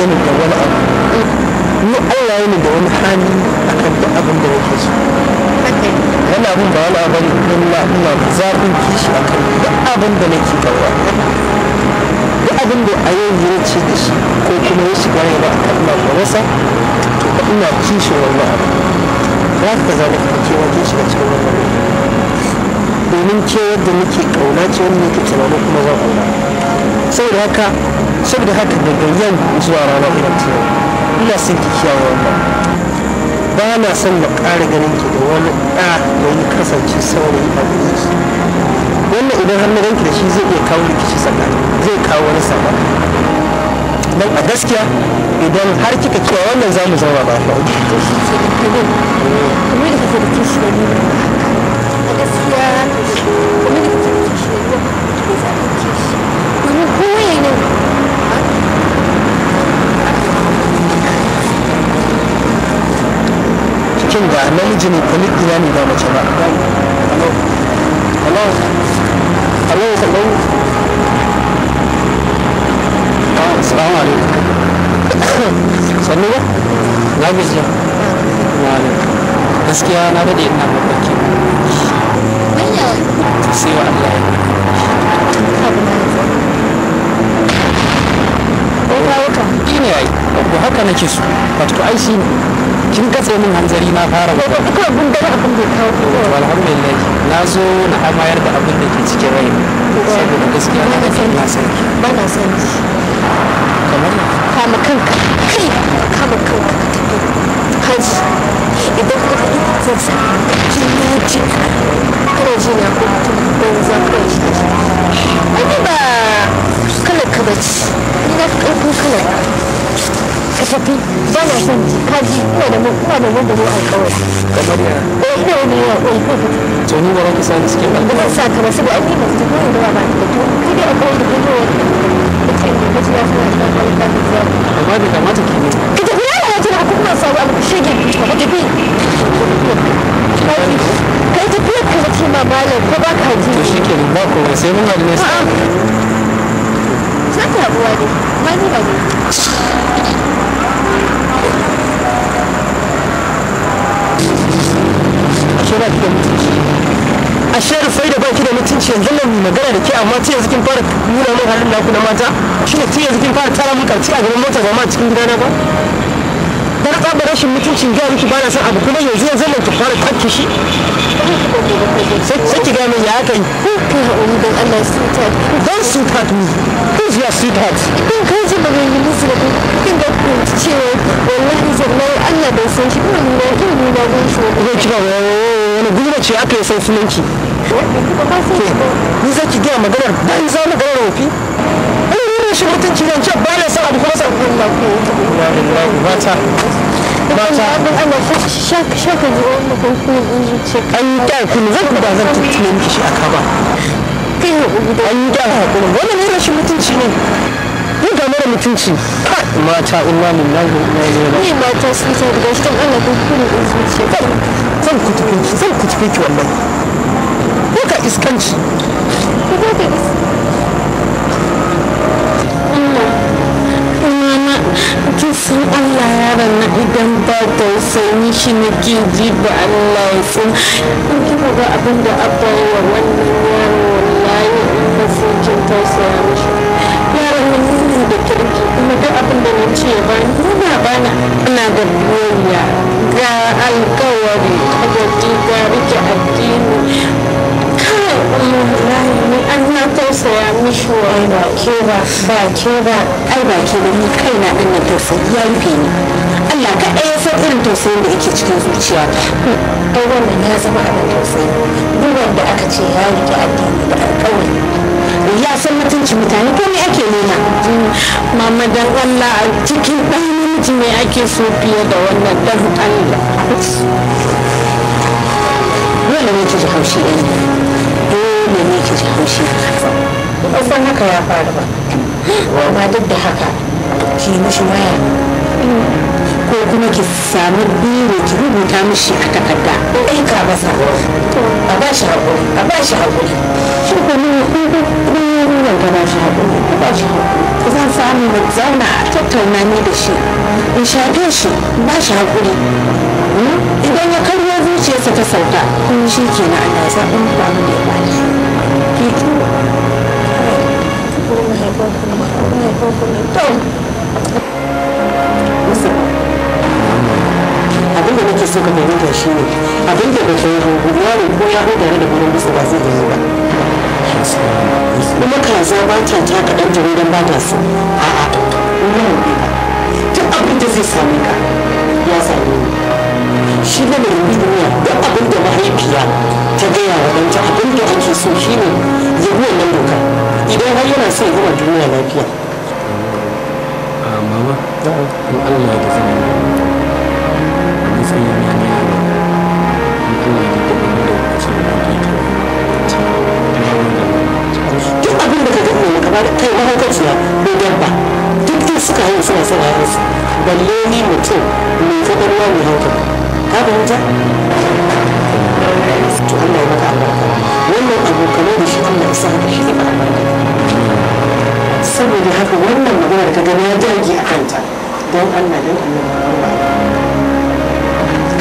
sani da wani abu ni Allah da wani hali kan da abin da yake so wani abin ba wani abin illa ina zafin kishi akan duk abin da nake kawo da abin da a yau ce da shi ko kuma ya shiga yana akan ina kwanasa to ina kishi wannan abu za ka zama ka kewa kishi a cikin wannan domin ce yadda nake kauna ce wanda nake tunani kuma zan aura saboda haka saboda haka daga yau zuwa rana irin ina son ki kiyaye wannan ba na son na ƙara ganin ki da wani ɗa da yi kasance saurayi a gare ki wannan idan har na ganki da shi zai iya kawo rikici tsakani zai kawo wani saba don a gaskiya idan har kika kiyaye wannan za mu zama ba Thank you. kin ga ina ne ba mace ba hello hello hello hello assalamu ah, alaikum ba wa gaskiya na dade ina mafarki sai wa Allah ya wata wata shi ne ai ko haka nake so wato ai shi kin katse min hanzari na fara ko duka abin da abin da kawo to alhamdulillah na zo na amayar da abin da ke cikin rai saboda gaskiya na san na san ba na san kamar kama kanka kai kama kanka ka tafi idan ka tafi zan san kin yaji kana jina ko mutum ban za ka yi wani ba kalar kala bace na fi ƙarfin kalar ba kaji ina da mu ina da mu da mu alƙawari kamar eh, ina da ya ko ko to ni ka sani cikin ba sa ka ba saboda ai ba ta ko da ba ta to kai da akwai ko da ce ne kaji ya fara da ba ta da ba ta kamata ki ne ka kuma sauran shigin ka tafi kai tafiyar ka zace ma malam ko ba ka ji to shike ne ba ko sai mun haɗu ne sai ta rabuwa ne ba ni ba ne ashe rufai da baki da mutunci yanzu nan magana da ke amma ce yanzu kin fara nuna min halin naku na mata shi ne ce yanzu kin fara tara mun karci a gaban mota ba ma cikin gidana ba dan tsabar rashin mutuncin gaya miki bana san abu kuma yanzu yanzu nan ki fara tafki shi sai ki gaya min ya kai kai haƙuri don Allah sweetheart don sweetheart me kai ji ba mai musu da kin ga ku cewa wallahi zallar Allah bai san shi kuma ni na ni na gun shi ko kika wani gulma ce aka yi san sunanki ni zaki gaya maganar ban za mu ga rofi ai rashin mutunci ne ce ba Allah ku na an yi kyar ne da ne mutunci ne mutunci mata inna lillahi wa inna ilaihi ne mata sun sai daga cikin Allah kunkunin in zuciya zan ku tukunci zan ku tukunci wallahi ko iskanci san Allah ya na idan ba ta tausayin shi nake ji ba Allah ya san in kika ga abin da abba yi wa wannan yaro wallahi in ba sai kin tausaya mishi yaron nan yana da kirki kuma duk abin da na ce ba nuna bana Ana da biyayya ga alkawari a ga rike addini an ba ke ba ba ke ba ai ba ke ba ni kaina din na tausayi ya rufe ni Allah ka ɗaya san irin tausayin da yake cikin zuciya ta ai wannan ya zama abin tausayi duk da aka ce ya rike addini da alƙawari ya san mutuncin mutane ko me ake nema mama dan Allah a cikin ɗan namiji ne ake so fiye da wannan dan Allah dole ne ki haushi ɗan ne ne ke jin haushi ba san haka ya faru ba amma duk da haka ki mishi waya ko kuma ki samu biro ki rubuta mishi a takarda ai ka masa a ba shi hakuri a ba shi hakuri shi ko ne ko ko ruwan ka ba shi hakuri a ba shi hakuri zan samu mu zauna a tattauna ni da shi in shafe shi ba shi hakuri idan ya karya zuciyarsa ta sauka shi kenan Allah ya zaɓin ba mu da ba shi Thank you. Thank you. abin da nake so ka fahimta shi ne abin da baka yi hangu yaro ko ya hau tare da gurin bisa ba zai yi ba kuma kaza ba ta ta kaɗan jariran ba ta so a'a wani hangu ba duk abin da zai sami ka ya same ni shi ne mai duniya duk abin da mahaifiya ta gaya wa ta abin da ake so shi ne ya yi nan doka idan har yana son yi wa duniya lafiya. Mama, in Allah ya tafi matsayina ka gani ne kamar kai mahaukaciya ko dabba duk duk suka hau suna son ka fahimta to Allah ya maka albarka da shi saboda haka wannan magana da ka gani ya dage a kanta don Allah don Allah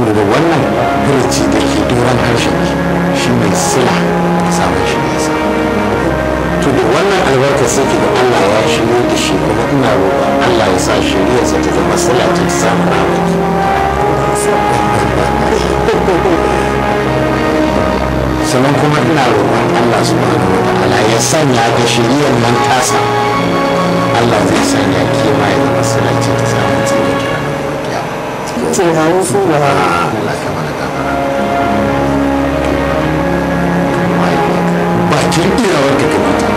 saboda wannan birci da ke doron harshen shi mai sila samun shi ne sa to da wannan albarka sai da Allah ya shirya da shi kuma ina roƙa Allah ya sa sa ta zama sila ta samun ramaki sannan kuma ina roƙon Allah su subhanahu wa ta'ala ya sanya ga shiriyar nan tasa Allah zai sanya kima ya zama sila ce ta samun tsirrai tunanin su da bakin iyawar da kamata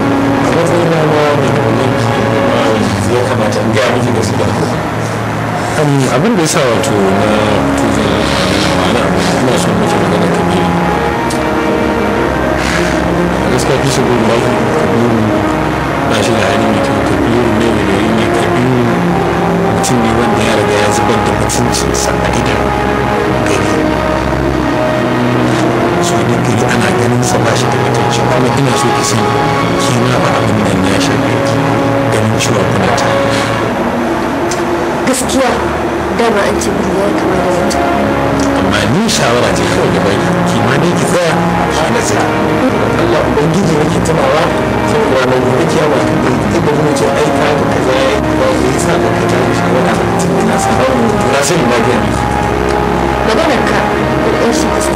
Mama, mama, ya kamata in gaya miki da su abin da ya sa wato na tuzon ma'ana kuma son mace magana ta biyu gaskiya fi su gudu babu kabiru ba shi da hali mai kyau kabiru ne mai da ne kabiru mutum ne wanda ya riga ya zubar da mutuncinsa a gidan gari so digiri ana ganin sa ba shi da mutunci kuma ina so ki sani ki ma ba abin nan ya shafe ki ganin cewa kuna ta gaskiya dama an ce ya kama da mutum amma ni shawara ce kawai da bai ki ma dai ki tsaya ki nazari Allah ubangiji yake tunawa sai ranar gobe kiyama ka dai idan mu ce ai ka kaza ya yi ba ku yi sa ka ta shawara ta na sa na sani na gani maganar ka ɗan a ciki gaskiya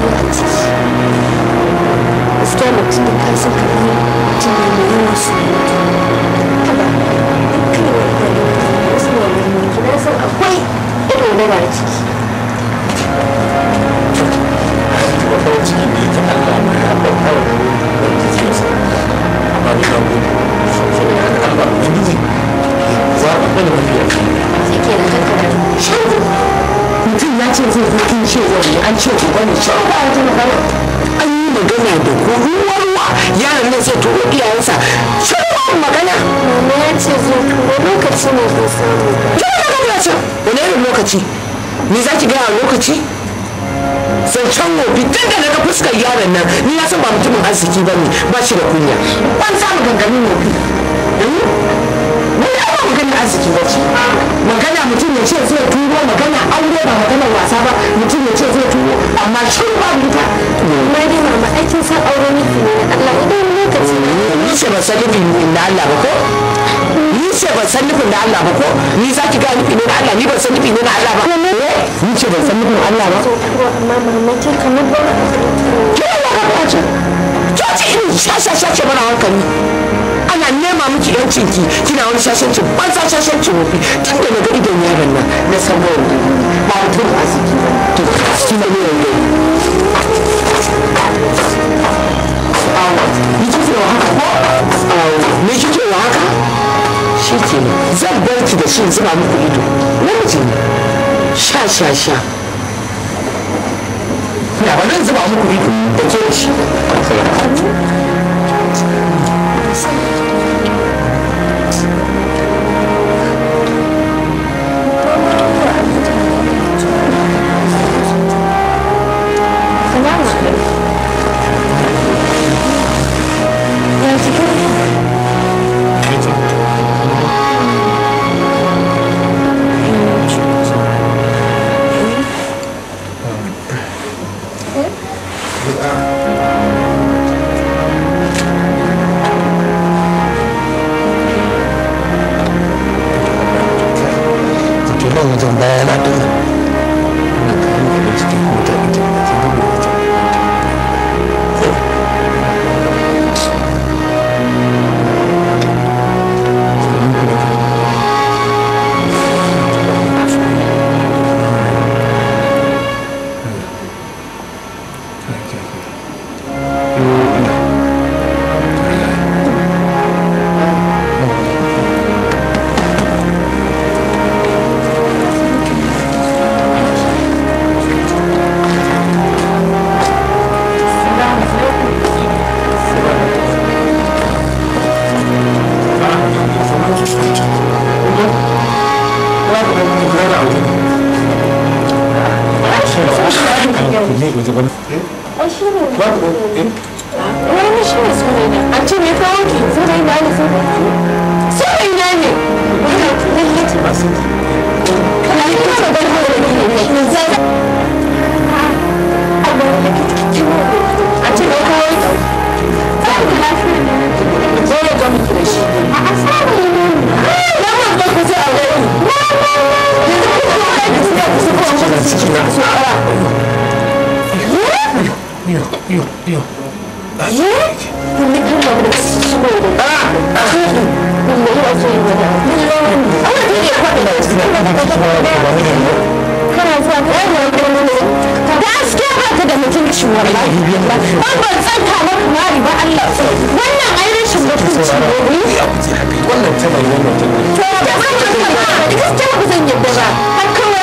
mutum da ka san ka ɗan jini mai yawan su akwai irin raba a ciki wata ciki ne ta Allah mai haɓar kawai da ke sa a ni na gudu saboda haka Allah mai lokaci ne zai samu lokaci wani irin lokaci ni za ki gaya lokaci zancen wofi tun da naga fuskar yaron nan ni na san ba mutumin arziki ba ne ba shi da kunya ban samu gangamin wofi hmm? wani ba magana arziki ba ce magana mutum ya ce zai turo magana aure ba magana wasa ba mutum ya ce zai turo amma shi ba wuta amma dai ma aikin sa aure ne na Allah idan lokaci ni ce ba san nufin na Allah ba ko ni ce ba san nufin na Allah ba ko ni za ki ga nufin na Allah ni ba san nufin Allah ba ni eh, ce ba san nufin Allah ba amma kamar ba ke ka ce coci irin shashashace mana hankali ana nema miki yancin ki kina wani shashanci ban sa shashanci mafi tun da na ga idon yaron nan na san wayan da ba mutum arziki ba to kina ne yanzu ni kike wa haka ko ni kike wa haka shi kenan zan bar ki da shi zuba muku ido namiji ne sha sha sha na ba zan zuba muku ido da ke da ki ne ne ne ne a ce ba kawai zan ku lafiya ne a ne Wannan tana yi wannan tana yi. To, da zan yi ba, da gaskiya ba zan yi ba.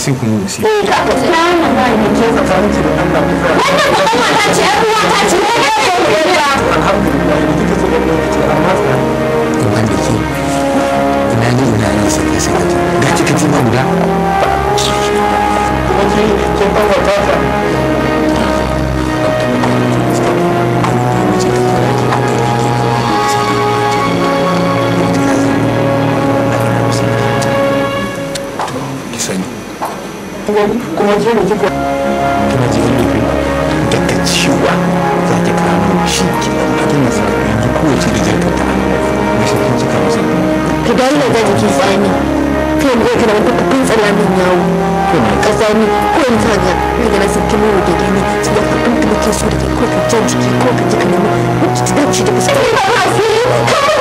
assim o município. waje ne kika kina ji nufin daga ciwa za ki kamo shi ki dan abin da suka yi kowace da jirgin ta na shi kin ko in ta ga ni da nasu kimo da gani su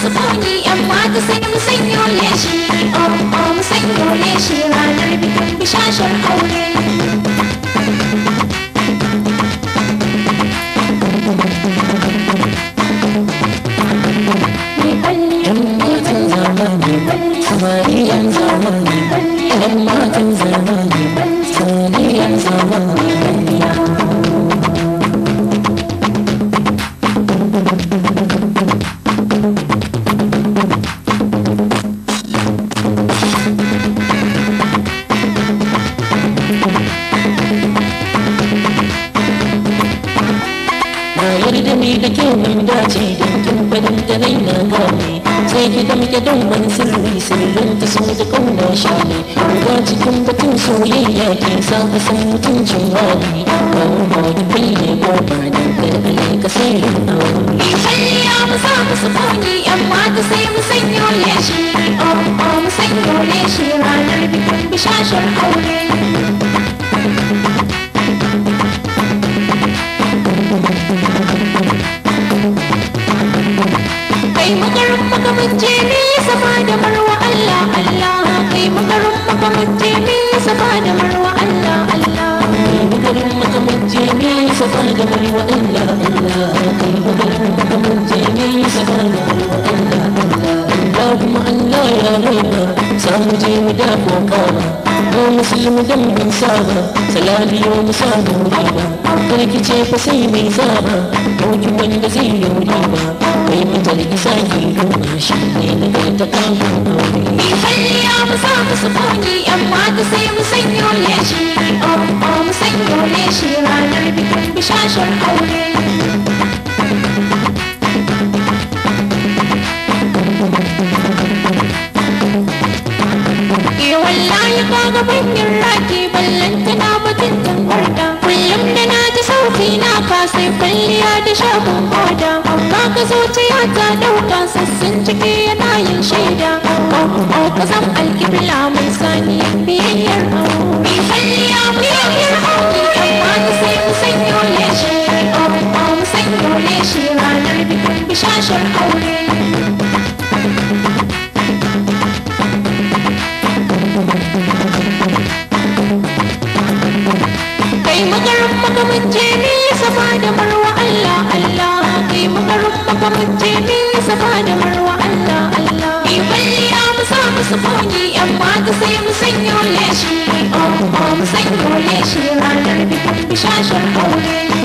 masu bauɗi yan mata sai mu sanyo leshi oh oh mu sanyo leshi ranar bikin bishashar aure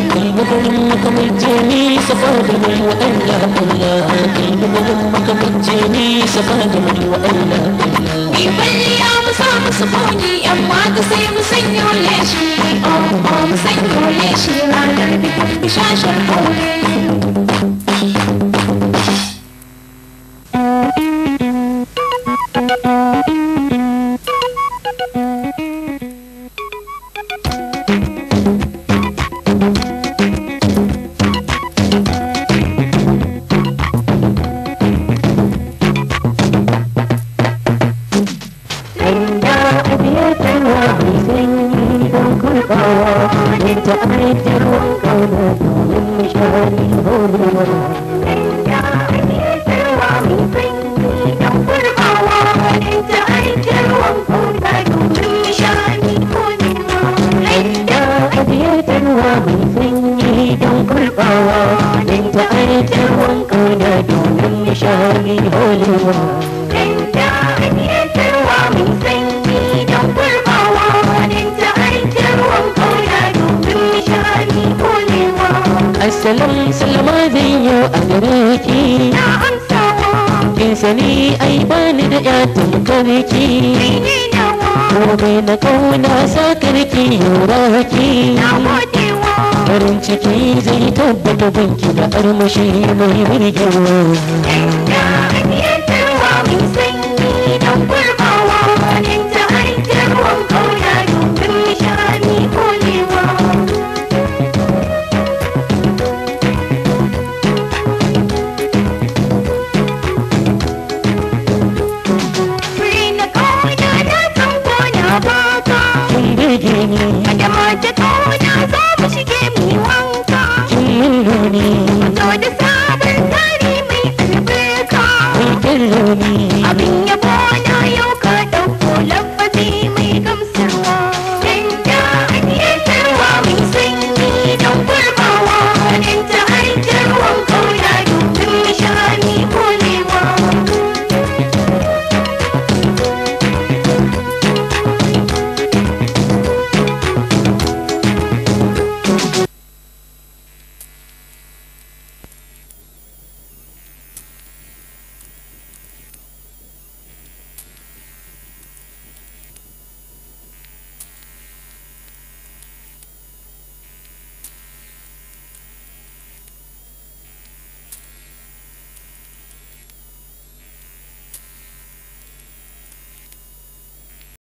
kalmabalin makamance ni safa da mai wa'ala Allah kalmabalin makamance ni safa da mai wa'ala Allah Ibali ya musa musu fauni yan mata sai mu sanya leshi oh oh mu leshi